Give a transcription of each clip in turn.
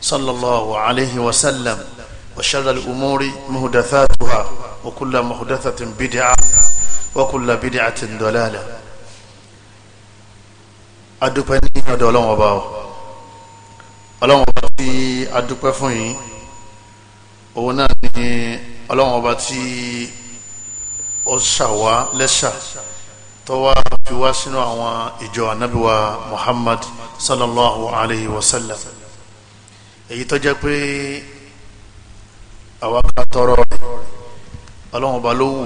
صلى الله عليه وسلم وشر الأمور مهدثاتها وكل مهدثة بدعة وكل بدعة دلالة adúpẹ́ ní ọ̀dọ̀ ọlọ́run ọba ọ ọlọ́run ọba tí adúpẹ́ fún yìí òun náà ni ọlọ́run ọba tí ó ṣàwá lẹ́ṣà tó wá fi wá sínú àwọn ìjọ anábíwá Muhammad sallallahu alayhi wa sallam èyí tó jẹ́ pé àwa ká tọrọ rẹ̀ ọlọ́run ọba ló wù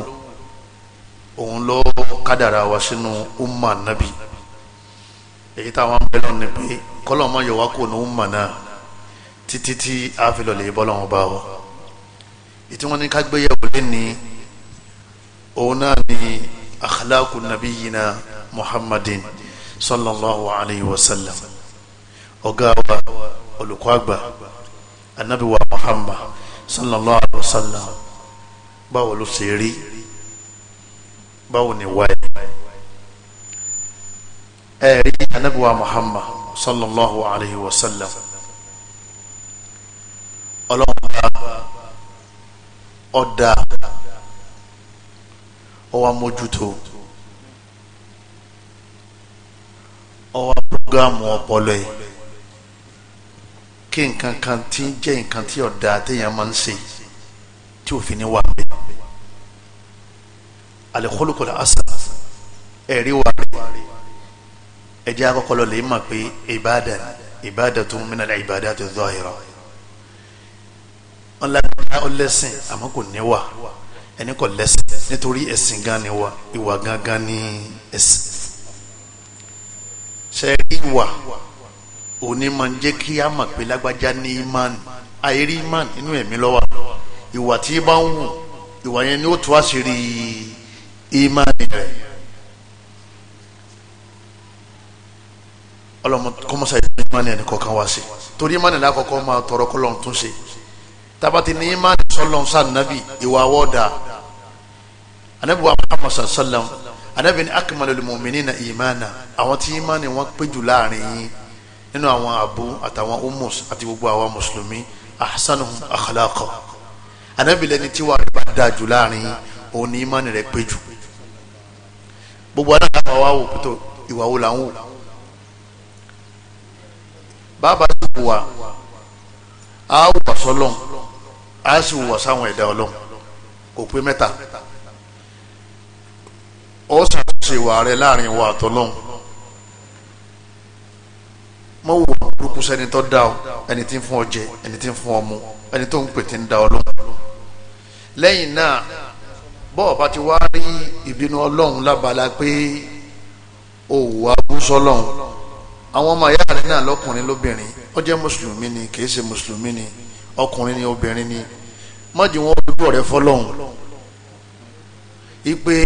òun ló kádàrà wa sínú umma nabi èyí táwọn ń bẹ̀rẹ̀ ni pé kọ́lọ̀ máa yọ wá ní umma náà títí tí a fi lọ lè bọ́ lọ́wọ́ bá wa ìtí wọ́n ní ká gbéyàwó lé òun náà ni akhlaqu nabiyina muhammadin sallallahu alayhi wa sallam ọ̀gá wa olùkọ́ àgbà anabi wa muhammad sallallahu alaihi wa sallam báwo ló ṣe rí báwo ni wáyé ẹ rí anabi wa sallallahu alaihi wa ọlọ́mọba ọ̀dà ọwọ́ amójútó ọwọ́ programu ọpọlọ kí nǹkan kan tí ń jẹ́ nǹkan tí ọ̀dà àtẹ̀yàn máa ń ṣe tí òfin ni wà bẹ́ẹ̀ alẹ́kọ́lùkọ́lù asa ẹ̀rí wà rẹ̀ ẹ̀jẹ̀ akọ́kọ́lọ́ lè mà pé ìbáàdà ìbáàdà tó ń mìíràn ìbáàdà tó zọ àìrọ̀ ọ̀làdà ọ̀lẹ́sìn àmọ́ kò níwà ẹni kò lẹ́sìn nítorí ẹ̀sìn gan ni wà ìwà gangan ni ẹ̀sìn ṣe ìwà òní máa ń jẹ́ kí a mọ̀ pé lágbájá ní imán àìrí imán inú ẹ̀mí ló wà ìwà tí bá ń wù ìwà yẹn ni ó tú àṣírí imán rẹ̀ ọlọ́mọ kọ́mọ́sá ìfún imán ẹni kọ̀ọ̀kan wá sí torí imán ẹ̀dá kọ̀ọ̀kan máa tọrọ kọ́ tún ṣe tabati ní imán sọlọ́n sànàbì ìwà wọ́ọ̀dà anabi wa muhammad sallallahu alaihi wa sallam anabi ni akmalul mu'minina imana àwọn tí imán ni wọ́n péjú láàrin yín nínú àwọn abu àtàwọn umus àti gbogbo àwọn mùsùlùmí ahsanuhum akhlaqa anábìlẹ̀ ni tí wàá rí bá dáa jù láàrin òun ní ìmánì rẹ̀ pé jù gbogbo anáà káwọn wá wò kótó ìwà wo là wò bàbá tó wù wá á wùwà sọlọ́n á sì wùwà sáwọn ẹ̀dá ọlọ́n kò pé mẹ́ta ó ṣàtúnṣe ìwà rẹ̀ láàrin ìwà àtọ́lọ́hún mọ wò burúkú sẹni tó dá ọ ẹni tí ń fún ọ jẹ ẹni tí ń fún ọ mu ẹni tó ń pè tí ń dá ọ lóhùn lẹ́yìn náà bọ́ọ̀ bá ti wá rí ìbínú ọlọ́run lábala pé òwò abúsọ́lọ́run àwọn ọmọ ayá rẹ̀ náà lọ́kùnrin lóbìnrin ó jẹ́ mùsùlùmí ni kìí ṣe mùsùlùmí ni ọkùnrin ni obìnrin ni má jẹ́ wọn ojú ọ̀rẹ́ fọlọ́run ipe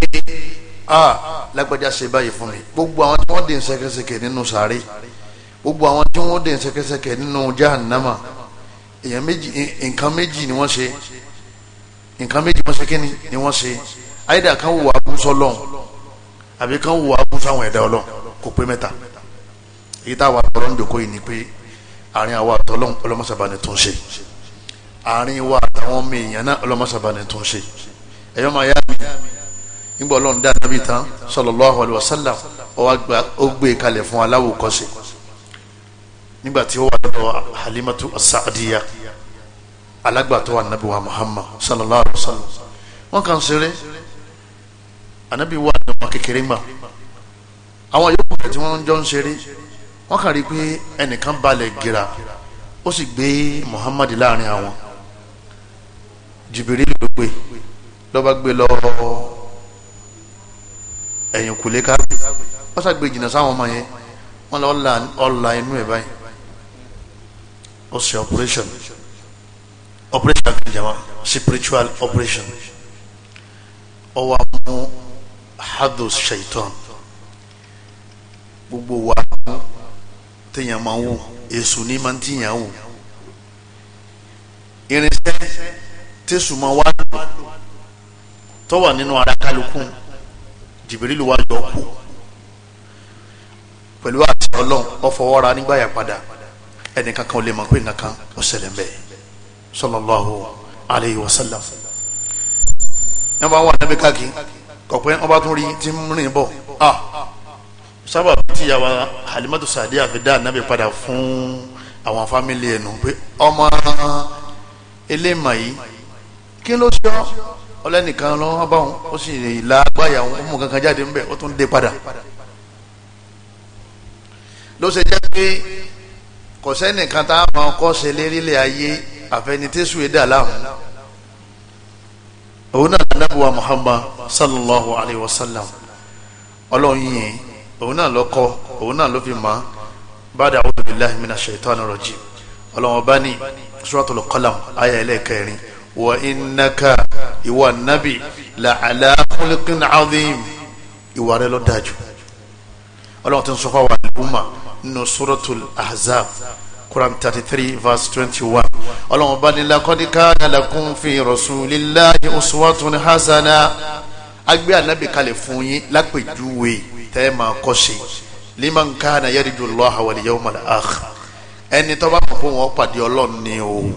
a lágbájá ṣe báyìí fún mi gbogbo àwọn tí wọ́n dì ń ṣẹkẹṣẹkẹ nínú sàárè gbogbo àwọn tí wọ́n dẹ̀ ṣẹkẹṣẹkẹ nínú jahannama èèyàn méjì nǹkan méjì ni wọ́n ṣe nǹkan méjì wọ́n ṣe kíni ni wọ́n ṣe àyídà kan wò abúsọ lọ́hùn àbí kan wò abúsọ àwọn ẹ̀dá ọlọ́hùn kò pé mẹ́ta èyí tá a wà tọrọ ń dòkó yìí ni pé àárín àwa àtọlọ́hùn ọlọ́mọṣàbánì tún ṣe àárín wa àtàwọn ọmọ èèyàn náà ọlọ́mọṣàbánì tún ṣe ẹ̀yọ́ máa yá mi nígbà ọlọ́run dá nàbì tán sallallahu alaihi wasallam ó gbé e kalẹ̀ fún nígbà tí ó wà lọ́dọ̀ halimatu asadiya alágbàtọ́ anabi wa muhammad sallallahu alaihi wa sallam wọn kàn ṣeré anabi wa ni wọn kékeré gbà àwọn yòókù rẹ̀ tí wọ́n jọ ń ṣeré wọ́n kàn rí pé ẹnìkan balẹ̀ gíra ó sì gbé muhammad láàrin àwọn jìbìrì ló gbé lọ́ba gbé lọ ẹ̀yìn kùlé káàbì wọ́n ṣàgbé jìnnà sáwọn ọmọ yẹn wọ́n lọ́ọ́ la inú ẹ̀ báyìí ó ṣe operation operation kan jama spiritual operation ó wá mú hadus shaitan gbogbo wa téèyàn máa ń wò èṣù ní máa ń tíyàn wò irinṣẹ́ tẹ̀sù máa wá lò tó wà nínú ara kálukú jìbìrìlù wá yọ kú pẹ̀lú àti ọlọ́run ọ̀fọwọ́ra nígbà yà padà ẹnì kankan ò lè mọ pé nǹkan kan ó ṣẹlẹ̀ mbẹ́ sallallahu alayhi wa sallam ní bá wà níbi káàkiri kọ̀pẹ́ ọba tún rí tí ń rìn bọ̀ a ah! sábà tí yàwá Halimatu Sadiya fi dá ànábì padà fún àwọn fámìlì ẹnu pé ọmọ eléèmọ̀ yìí kí ló ṣe ọ́ ọlẹ́nìkan lọ́wọ́ bá wọn ó sì là gbáyà wọn ó mú kankan jáde ńbẹ ó tún dé padà ló ṣe jẹ́ pé kò sẹ́nìkan tá a máa kọ́ ṣe lérílẹ̀ ayé àfẹnitẹ́sù ẹ̀dá láwọn òun náà nàbùwà Muhammad sallallahu alayhi wa sallam ọlọ́run yìnyín òun náà ló kọ́ òun náà ló fi mọ́ bàdà a'udhu billahi minash shaitani rajim ọlọ́run ọba ní suratul qalam ayé ẹlẹ́kẹrin wa innaka ìwà nàbì la'ala khuluqin azim ìwà rẹ ló ọlọ́run ti ń sọ fún àwọn nínú suratul ahzab quran 33, verse 21. one ọlọ́run bá nílá kọ́díkà lakum fi rasulillahi uswatun hasana agbé anabi kalẹ̀ fún yín lápèjúwe tẹ́ máa liman kana yarju Allaha wal yawmal akhir ẹni tó bá mọ̀ pé wọ́n pàdé ọlọ́run ni o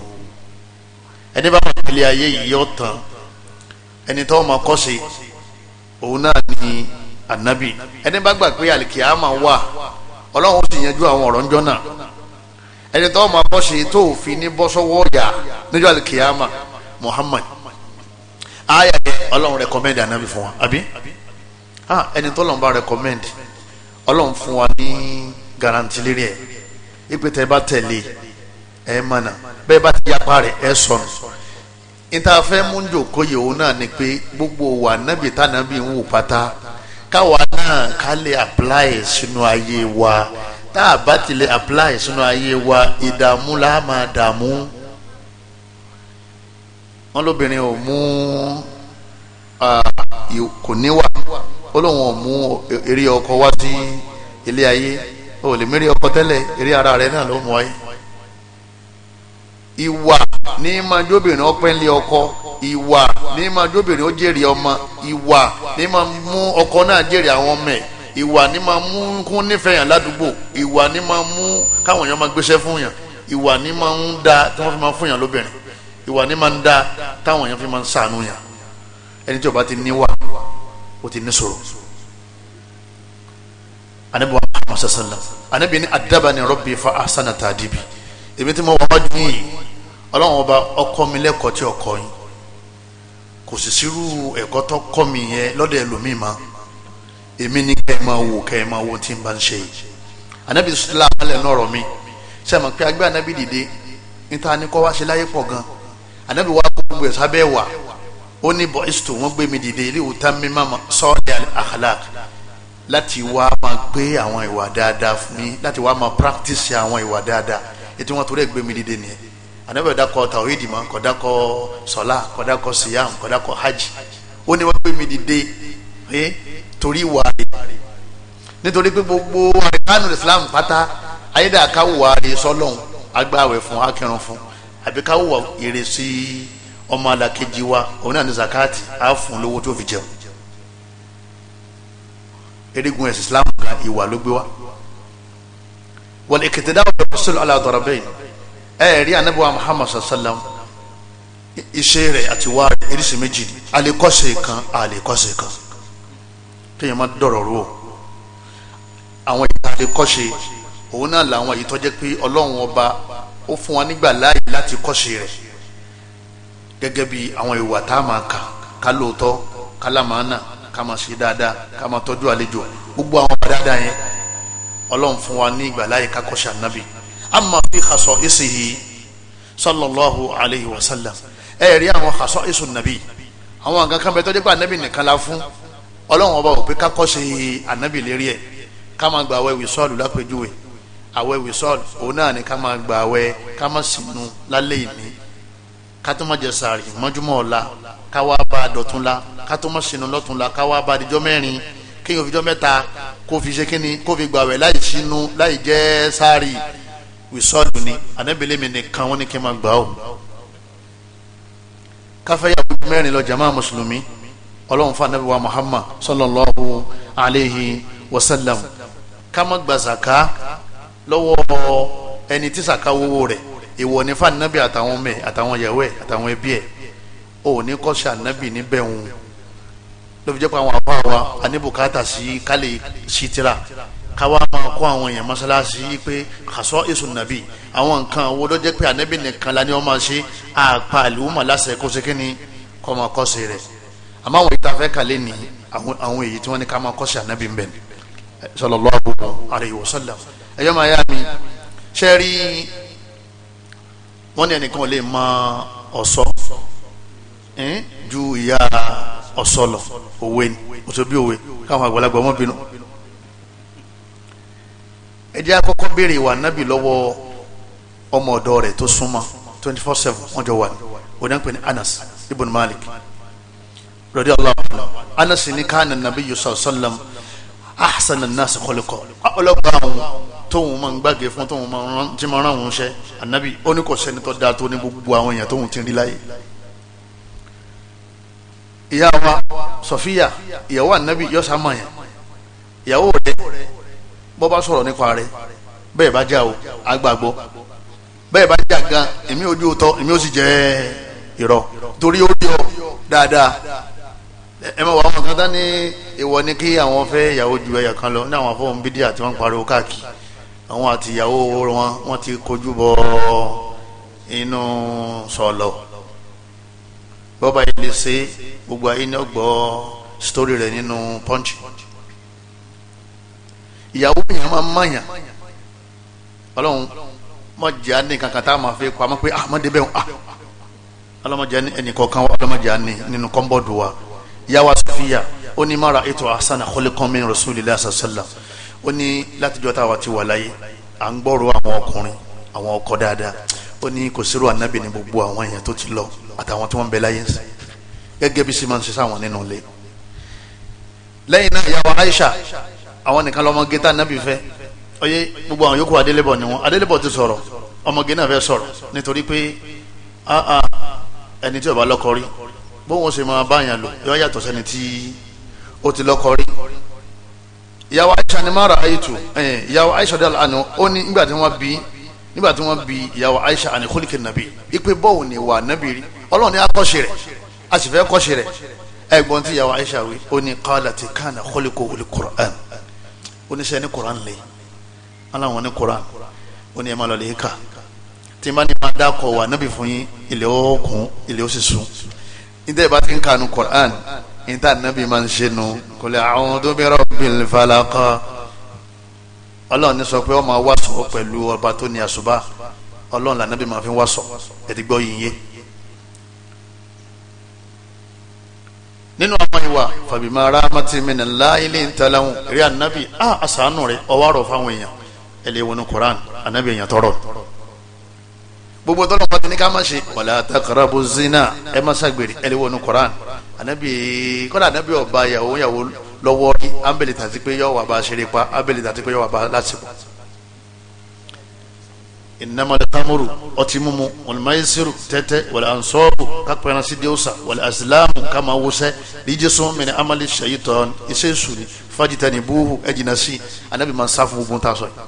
ẹni bá mọ̀ pé ilé ayé yìí yọ̀ tán ẹni tó máa kọ́ òun náà ni anabi ẹni bá gbà pé àlìkìyàmà wà ọlọ́run ó sì yanjú àwọn ọ̀rọ̀ ńjọ́ náà ẹni tó máa bọ́ ṣe tó fi ní bọ́ sọ́wọ́ ọ̀yà níjọ́ alikiyama Muhammad aya yẹ ọlọ́run rẹkọmẹ́ndì ànábì fún wa àbí ẹni tó lọ́n bá rẹkọmẹ́ndì ọlọ́run fún wa ní garanti lérí ẹ̀ ìpè tẹ́ bá tẹ̀lé ẹ̀ mọ̀nà bẹ́ẹ̀ bá ti yapa rẹ̀ ẹ̀ sọnù ìta fẹ́ mú òun náà ni pé gbogbo wa nábì tá ń wò pátá káwa náà ká lè apply sínú ayé wa tá a bá ti lè apply sínú ayé wa ìdààmú la máa dààmú wọn lóbìnrin ò mú kò níwà ó lóun ò mú eré ọkọ wá sí ilé ayé ó lè mérí ọkọ tẹ́lẹ̀ eré ara rẹ̀ náà ló mú wáyé ìwà ní máa jóbìnrin ọpẹ́ ńlẹ̀ ọkọ ìwà ní máa jóbìnrin ó jèrè ọmọ ìwà ní máa mú ọkọ náà jèrè àwọn ọmọ ẹ̀ ìwà ní máa mú kún nífẹ̀ẹ́ yàn ládùúgbò ìwà ní máa mú káwọn èèyàn máa gbéṣẹ́ fún yàn ìwà ní máa ń da tí wọ́n fi máa fún yàn lóbìnrin ìwà ní máa ń da táwọn èèyàn fi máa ń sànú yàn ẹni tí ó bá ti níwà ó ti ní sọ̀rọ̀ anabi wa muhammad sallallahu anabi ni adabani fa ahsana ta'dibi èmi tí mo wá ọlọ́run ọba ọkọ mi lẹ́kọ̀ọ́ tí ọkọ yín kò sì sírú ẹ̀kọ́ tó kọ́ mi yẹn lọ́dọ̀ ẹlòmíì ma èmi ní kẹ́ ẹ máa wò kẹ́ ẹ máa wò tí n bá ń ṣe yìí anabi sọlá alẹ́ náà rọ̀ mi ṣe mọ̀ pé agbé anabi dìde níta ni kọ́ wá ṣe láyé pọ̀ gan anabi wá kó gbogbo ẹ̀ sábẹ́ wà ó ní bọ́ ìṣòtò gbé mi dìde ilé ìwòta mi máa sọ́ọ̀dẹ̀ akhlaq láti wá máa gbé àwọn ìwà dáadáa fún mi láti wá máa practice àwọn ìwà dáadáa ètò wọn torí ẹ̀ gbé mi dìde nìyẹn anabi dakọ tawhidi ma kò dakọ sọla kò dakọ siyam kò dakọ hajj ó ní wọ́n gbé mi dìde ẹ torí wàre nítorí pé gbogbo àríkánu islam pátá ayédè àkáwò wàre sọlọ́n agbáwẹ̀ fún akẹrun fún àbí káwò èrè sí ọmọ alákejì wa òun náà ní zakati á fún lówó tó fi jẹun erigun ẹ̀sìn islam ìwà ló gbé wa wal iqtida' bi rasul ala darbayn ẹ rí muhammad sallam iṣẹ́ rẹ̀ àti wá rẹ̀ irisi méjì ni alekọsẹ kan alekọsẹ kan kéèyàn má dọ̀rọ̀ rú o àwọn ìta alekọsẹ òun náà làwọn èyí tọjẹ pé Ọlọ́run ọba ó fún wa nígbà láàyè láti kọsẹ rẹ̀ gẹ́gẹ́ bí àwọn ìwà tá a máa kà ká lóòótọ́ ká lámàánà ká máa ṣe dáadáa ká máa tọ́jú àlejò gbogbo àwọn dáadáa yẹn Ọlọ́run fún wa ní ìgbà láàyè ká kọsẹ ànábì amma fi khasa'isihi sallallahu alayhi wa sallam ẹ rí àwọn khasa'isu nàbí àwọn nǹkan kan bẹ tó dé pé ànábì nìkan la fún ọlọ́run ọba òpin kakọ́ ṣe ànábì lérí ẹ̀ ká máa gba àwẹ̀ wìsọ́ọ̀lù lápẹjúwe àwẹ̀ wìsọ́ọ̀lù òun náà ni ká máa gba àwẹ̀ ká máa sínú lálẹ́ ìní ká tó máa jẹ sàárì mọ́júmọ́ ọ̀la ká wá bá a la ká tó máa sínú lọ́tún la ká wá bá a dijọ́ mẹ́rin kéèyàn fi jọ́ mẹ́ta kó fi ṣe kíni kó fi gbàwẹ̀ láì sínú láì jẹ sàárì wisọ́ọ̀dù ni anábìlẹ̀ mi nìkan wọn ni kí n máa gbà ó káfẹ́yàwó mẹ́rin lọ jama mùsùlùmí ọlọ́run fún anábìwá muhammad sallallahu alayhi wa sallam ká má gba zaka lọ́wọ́ ẹni tí zaka wọ́wọ́ rẹ̀ ìwọ ní fún anábì àtàwọn mẹ́ àtàwọn yẹ̀wẹ́ àtàwọn ẹbí ẹ̀ ò ní kọ́ṣe anábì níbẹ̀ wọn ló fi àwọn àbá wa aníbùkátà sí kálí sítira káwa máa kọ́ àwọn èèyàn mọ́sálásí pé kàṣọ́ èso nàbì àwọn nǹkan wo ló jẹ́ pé ànábì nìkan la ní wọ́n máa ṣe àpá àlùmọ̀ lásẹ̀ kó ṣe kíni kọ́ máa kọ́ sí rẹ̀ àmọ́ àwọn ìta fẹ́ kàlẹ́ ní àwọn èyí tí wọ́n ní ká máa kọ́ sí ànábì ń bẹ̀ ni sallallahu alayhi wa sallam ẹ̀yọ́ máa yá mi ṣe rí wọ́n ẹnìkan lè mọ ọ̀ṣọ́ ju ìyá ọ̀ṣọ́ lọ òwe ni òtò bí òwe káwọn àgbàlagbà ọmọbìnrin ẹ jẹ́ àkọ́kọ́ béèrè ìwà nábì lọ́wọ́ ọmọ ọ̀dọ́ rẹ̀ tó súnmọ́ twenty four seven wọ́n jọ wà ní onípe ní Anas ibn Malik radiyallahu anhu Anas ní káàní nabiyyu sallam ahsan an-nas khuluqa ọlọ́gbà àwọn tóun máa ń gbàgbé fún tóun máa ń jímọ̀ ràn wọ́n ṣe anabi. ó ní kò sẹ́ni tó dáa tó ní gbogbo àwọn èèyàn tóun ti rí láyé ìyá wa Sofiya ìyàwó ànábì yọ̀ọ́sà mọ̀ yẹn ìyàwó rẹ̀ bọ́ bá sọ̀rọ̀ nípa rẹ̀ bẹ́ẹ̀ bá já o agbàgbọ́ bẹ́ẹ̀ bá já gan èmi ojú tọ́ èmi ó sì jẹ́ irọ́ torí ó rí ọ dáadáa ẹ mọ̀ wá àwọn kan tán ní ìwọ ni kí àwọn fẹ́ ìyàwó ju ẹyà kan lọ ní àwọn afọ́n bídí àti wọn pariwo káàkiri àwọn àti ìyàwó wọn wọn ti kojú bọ inú sọlọ bọ́ba ilé ṣe gbogbo ayé ní ọgbọ́ sítórí rẹ̀ nínú pọ́ńchì ìyàwó yẹn máa mọ̀yàn ọlọ́run mọ̀jà ní kankan tá a máa fi pamọ́ pé ah mọ̀dé bẹ́ẹ̀ ah ọlọ́mọdé ẹnì kọ̀ọ̀kan wa ọlọ́mọdé ní nínú kọ́ńbọ̀dù wa yàwá Sofiya ó ní mara ètò asana kọ́lékan min Rasulillah sàlá ó ní látijọ́ táwa ti wà láyé à ń gbọ́rọ̀ àwọn ọkùnrin àwọn ọkọ dáadáa ó ní kò sírò ànábì ní gbogbo àwọn èèyàn tó ti lọ àtàwọn tí wọ́n bẹ láyé ń gẹ́gẹ́ bí simon ṣe sáwọn nínú ilé lẹ́yìn náà yàwá Aisha àwọn nìkan lọ́mọge tá nábì fẹ́ ọyẹ gbogbo àwọn yòókù adélébọ̀ ni wọn adélébọ̀ ti sọ̀rọ̀ ọmọge náà fẹ́ sọ̀rọ̀ nítorí pé ẹni tí ó bá lọ́kọ rí bóun ṣe máa báyàn lò yọ yàtọ̀ sẹ́ni tí ó ti lọ́kọ rí ìyàwó Aisha ni mara ayetu ìyàwó Aisha dala àná ó ní nígbà tí wọ́n bí nígbà tí wọ́n bí ìyàwó Aisha àní kólíkì nàbí ipe bọ́ọ̀ ni wà nàbí rí ọlọ́run ni a kọ́ṣe rẹ̀ a sì fẹ́ kọ́ṣe rẹ̀ ẹ̀gbọ́n tí ìyàwó Aisha wí ó ní kálá ti kánà kólíkò olùkọ́rọ̀ ẹ̀ oníṣẹ́ ní koran lè aláwọn ní koran ó ní ẹ máa lọ lè kà tí n bá ní máa dákọ̀ wà nábì fún yín ilẹ̀ ọkùn ilẹ̀ ó sì sùn níta ìbá ti ń kanu koran níta nábì máa ń ṣe nu kò lè a'udhu bi rabbil falaq ọlọ́run ní sọ pé ó máa wá sọ pẹ̀lú ọba tó ní àṣùbà ọlọ́run làná máa fi wá sọ ẹ̀dígbọ́ yìnyín nínú àwọn ìwà fàbímọ rahmatin minallahi linta lahum rí ànábì á àṣàánú rẹ ọwọ́ àrò fáwọn èèyàn ẹlẹ́ wọnú koran ànábì èèyàn tọrọ gbogbo tọ́lọ̀ pàtó ní ká má ṣe wala taqrabu zina ẹ má ṣàgbèrè ẹlẹ́ wọnú koran ànábì kọ́lá ànábì ọba yàwó yàwó lọ́wọ́ rí ámbẹ̀lì tàti pé yọ wà bá ṣeré pa ámbẹ̀lì tàti pé yọ wà bá lásìkò innamal khamru ọtí mímu wal maisiru tẹ́tẹ́ wal ansabu kápẹ́ran sí dẹ́wọ́sà wal asilamu kama wọ́sẹ́ ríjẹsọ́ min amali shaytan iṣẹ́ sùnì fajitanibuhu ẹ̀jìnà sí anabi máa ń sá fún ogun tá a sọ yìí.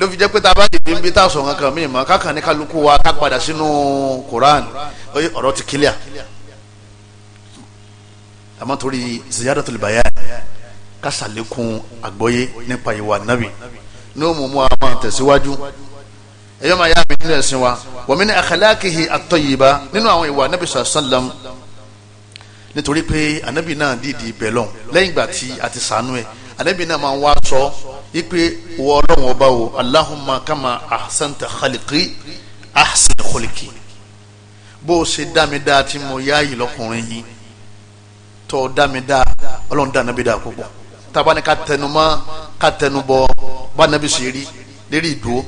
ló fi jẹ́ pé tá a bá dìbò níbi tá a sọ kankan mí ma kákan ní kálukú wa ká padà sínú koran oye ọ̀rọ̀ ti kílíà àmọ́ torí ziyadatul bayan ká ṣàlékún àgbọ́yé nípa ìwà nabi. nabi ní ó mú mú àwọn àtẹ̀síwájú ẹ̀yọ́ máa yá mi nínú ẹ̀sìn wa wa min akhlaqihi at-tayyiba nínú àwọn ìwà anábì sàlám nítorí pé anábì náà dìdì bẹ̀lọ̀ lẹ́yìn ìgbà tí a ti sànú ẹ̀ anábì náà máa ń wá sọ wípé wọ ọlọ́run ọba wo allahumma kama ahsanta khalqi ahsin khulqi bó o ṣe dá tí mo yáàyè lọ́kùnrin yìí tó dá mi dáa ọlọ́run dá anábì dáa púpọ̀ tábánikà tẹnumọ́ ká bá anabi ṣe rí lérí ìdúró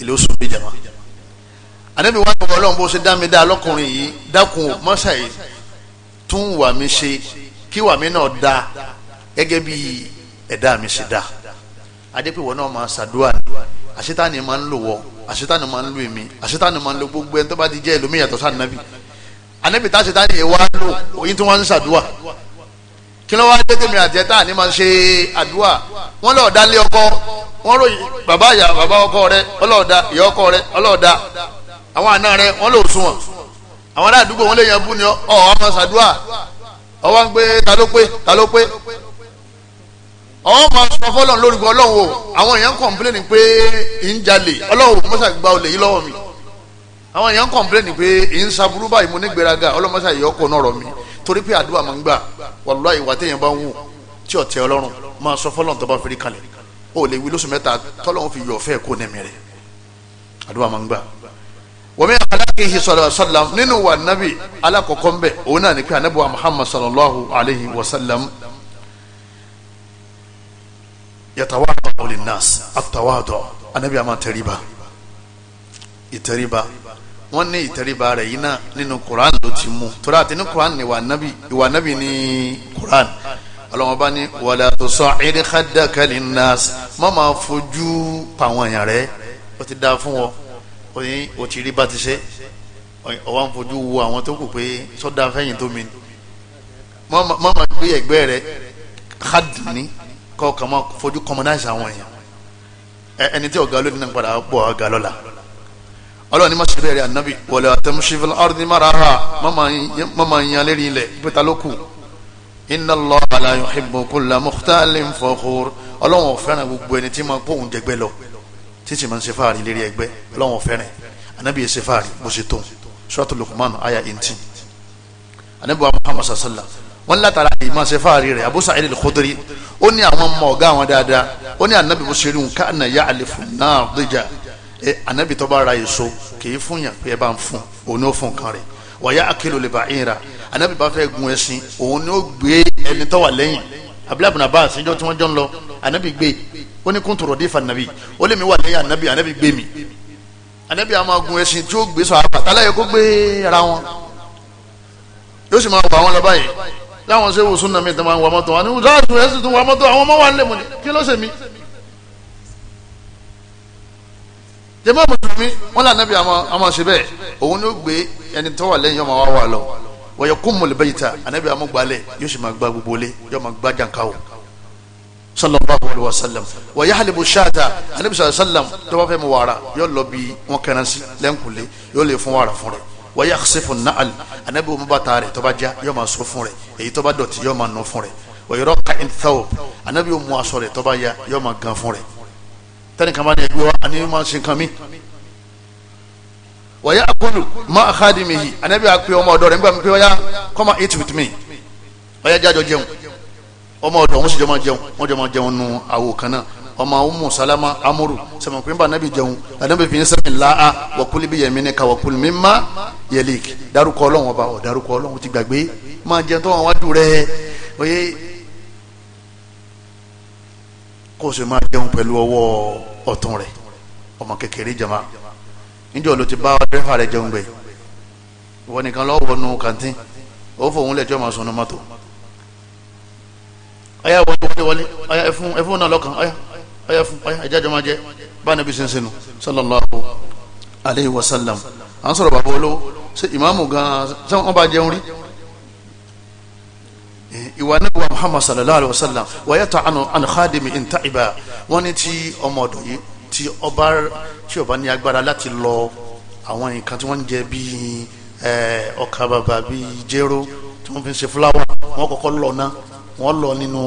ilé oṣù méjì ma anabi wà lọ́wọ́ ọlọ́run bó ṣe dá mi dá lọ́kùnrin yìí dákun mọ́ṣá yìí tún wà mí ṣe kí wà mí náà dá gẹ́gẹ́ bí ẹ̀dá mi ṣe dá adépèwọ̀ náà máa ṣàdúrà ní àṣetánì máa ń lò wọ́ àṣetánì máa ń lò èmi àṣetánì máa ń lò gbogbo ẹni tó bá ti jẹ́ ẹlòmíyàtọ̀ sáà anabi tá àṣetánì yẹn wá lò oyin tí wọ́n ń ṣàdúrà kí ló wá dé tèmi àjẹta ni máa ṣe àdúrà wọn lọ dá lé ọkọ wọn ròyìn bàbá ìyá bàbá ọkọ rẹ ọlọ́ọ̀dá ìyá ọkọ rẹ ọlọ́ọ̀dá àwọn àna rẹ wọn lò sùn wọn àwọn ará àdúgbò wọn lè yan bú ni ọ ọ ọmọ ṣàdúrà ọwọ́ ń gbé ta ló pé ta ló pé ọwọ́ máa sọ fọlọ́n lórúkọ ọlọ́run o àwọn èèyàn kọ̀ǹpléènì pé ń jalè ọlọ́run mọ́sà gba olè yìí lọ́wọ́ mi àwọn èèyàn kọ̀ǹpléènì pé ń saburú báyìí mo nígbèraga ọlọ́mọṣà yìí ọkọ̀ náà rọ̀ mi torí pé àdúrà máa ń gbà wàlúwà ìwà téèyàn bá ń wù tí ọ̀tẹ̀ ọlọ́run máa sọ fọlọ́n tó bá fi rí kalẹ̀ ó lè wí lóṣù mẹ́ta tọ́lọ́run fi yọ̀ fẹ́ kó nẹ̀mí rẹ̀ àdúrà máa ń gbà. wọ́n alákèéhì sọ̀rọ̀ nínú wa nábì alákọ̀ọ́kọ́ ń bẹ̀ òun náà ní pé anábọ̀ Muhammad sallallahu alayhi wa sallam yàtàwádọ̀ ọ̀lẹ́nàṣ àtàwádọ̀ anábì àmà tẹríba ìtẹríba wọ́n ní ìtẹríba rẹ̀ yìí náà nínú Quran ló ti mú torí àti ní Quran ni ìwà nábì ní Quran ọlọ́wọ́n bá ní wàlá tusa'id khaddaka linnas má máa fojú pàwọn èèyàn rẹ̀ ó ti dáa fún wọn ó ní òtírí bá ti ṣe ọwọ́n fojú wo àwọn tó kù pé sọ́dà fẹ́yìn tó mi má máa gbé ẹ̀gbẹ́ rẹ̀ hadd ní kọ́ ọ̀kan máa fojú kọ́mọdáìsì àwọn èèyàn ẹni tí ọ̀gá lónìí náà padà pọ̀ ọ̀gá lọ́la ọlọ́run ní ma ṣe bẹ́ẹ̀ rẹ̀ ànábì wala tamshi fil ardi maraha mama yan lérí ilẹ̀ pẹ́ta ló kù inna Allaha la yuhibbu kulla mukhtalin fakhur ọlọ́run ò fẹ́ràn gbogbo ẹni tí ma pòun jẹgbẹ́ lọ tí sì máa ń ṣe fáàrí lérí ẹgbẹ́ ọlọ́run ò fẹ́ràn ànábì ṣe fáàrí bó ṣe tóun Suratu Luqman aya 18 ànábì wa Muhammad sallallahu wọn látara ìmọ̀ ṣe fáàrí rẹ̀ Abu Sa'id al-Khudri ó ní àwọn ọmọ ọ̀gá àwọn dáadáa ó ní ànábì bó ṣe rí nǹkan náà náà dìjà anabi eh, tó bá ra èso kì í fún yàn pé ẹ bá ń fún òun ni ó fún kan rẹ̀ wàyà akérò lè bá ìhìnra anabi bá fẹ́ gun ẹṣin òun ni ó gbé ẹni tó wà lẹ́yìn abdullahi bin abbas níjọ́ tí wọ́n jọ ń lọ anabi gbé ó ní kúntùrọ̀ dé fanabi ó lè mi wà lẹ́yìn anabi anabi gbé mi anabi a gun ẹṣin tí ó gbé sọ àbá tálẹ́yẹ kó gbé ara wọn yóò sì máa wà wọn lọ báyìí láwọn ṣe wò sún nàmi ìtàn máa ń wà mọ́tò wọn àwọn ọmọ wa ń lè ni kí ló ṣe mí jẹ́mọ́ mùsùlùmí wọn là nàbí àmọ́ ṣe bẹ́ẹ̀ òun ni ó gbé ẹni tó wà lẹ́yìn ọmọ wa wà lọ wọ̀yẹ̀ kó mọ̀lẹ́ bẹ́yìí ta ànábì àmọ́ gbalẹ̀ yóò sì máa gba gbogbo lé yóò máa gba jàǹkà o sallallahu alayhi wa sallam wọ̀yẹ̀ halibu ṣáàtà ànábì sallallahu sallam tó bá fẹ́ mu wàrà yóò lọ bí wọn kẹran sí lẹ́ǹkulé yóò lè fún wàrà fún rẹ̀ wọ́yẹ̀ ṣẹ́fún náàlì ànábì omi bàtà rẹ̀ tó bá yóò máa sọ fún rẹ̀ èyí tó dọ̀tí yóò máa nù fún rẹ̀ wọ̀yẹ̀ rọ́ọ̀ka ìntàwọ̀ ànábì omi aṣọ rẹ̀ tó ya yóò máa gan fún rẹ̀ tẹnìkan bá ní ẹgbẹ́ wa àní máa ṣe nǹkan mi wọ́yá akulu ma akadi mi yìí anabi akpe ọmọ ọ̀dọ́ rẹ̀ nígbà mi pé ọ̀yá come eat with me ọ̀yá jájọ jẹun ọmọ ọ̀dọ́ wọn sì jọ jẹun wọn jọ jẹun nu àwò kan ọmọ ọmọ salama amuru sẹmọkùnrin bá anabi jẹun anabi fi sẹmi láà wọkùlì bí yẹmi ní ká wọkùlì mi má yẹlík darúkọ ọlọ́run ọba ọ̀ darúkọ ọlọ́run ti gbàgbé máa jẹun tó wọn wájú rẹ oyè kó o sì máa jẹun pẹ̀lú ọwọ́ ọ̀tún rẹ̀ ọmọ kékeré jama níjọ́ ló ti bá dẹ́fà rẹ̀ jẹun gbẹ ìwọ nìkan lọ́wọ́ wọnú kantin ó fòun lẹ́jọ́ máa sọnù mọ́tò ọyá wọlé wọlé wọlé ọyá ẹfún ẹfún náà lọ́kàn ọyá ọyá fún ọyá ẹjá jọmọ jẹ bá níbi sinsinu sallallahu alayhi wa sallam à ń sọ̀rọ̀ bàbá olówó ṣe ìmáàmù gan-an ṣé bá jẹun rí ìwà níbi wa muhammad sallallahu alayhi wa sallam wàyà tó àánú àánú xaadimi ìntà ìbá wọn ni ti ọmọ ọ̀dọ̀ yìí ti ọba tí ọba ní agbára láti lọ àwọn nǹkan tí wọ́n ń jẹ bíi ọkà bàbà bíi jéró tí wọ́n fi ń ṣe fúláwà wọ́n kọ́kọ́ lọ ná wọ́n lọ nínú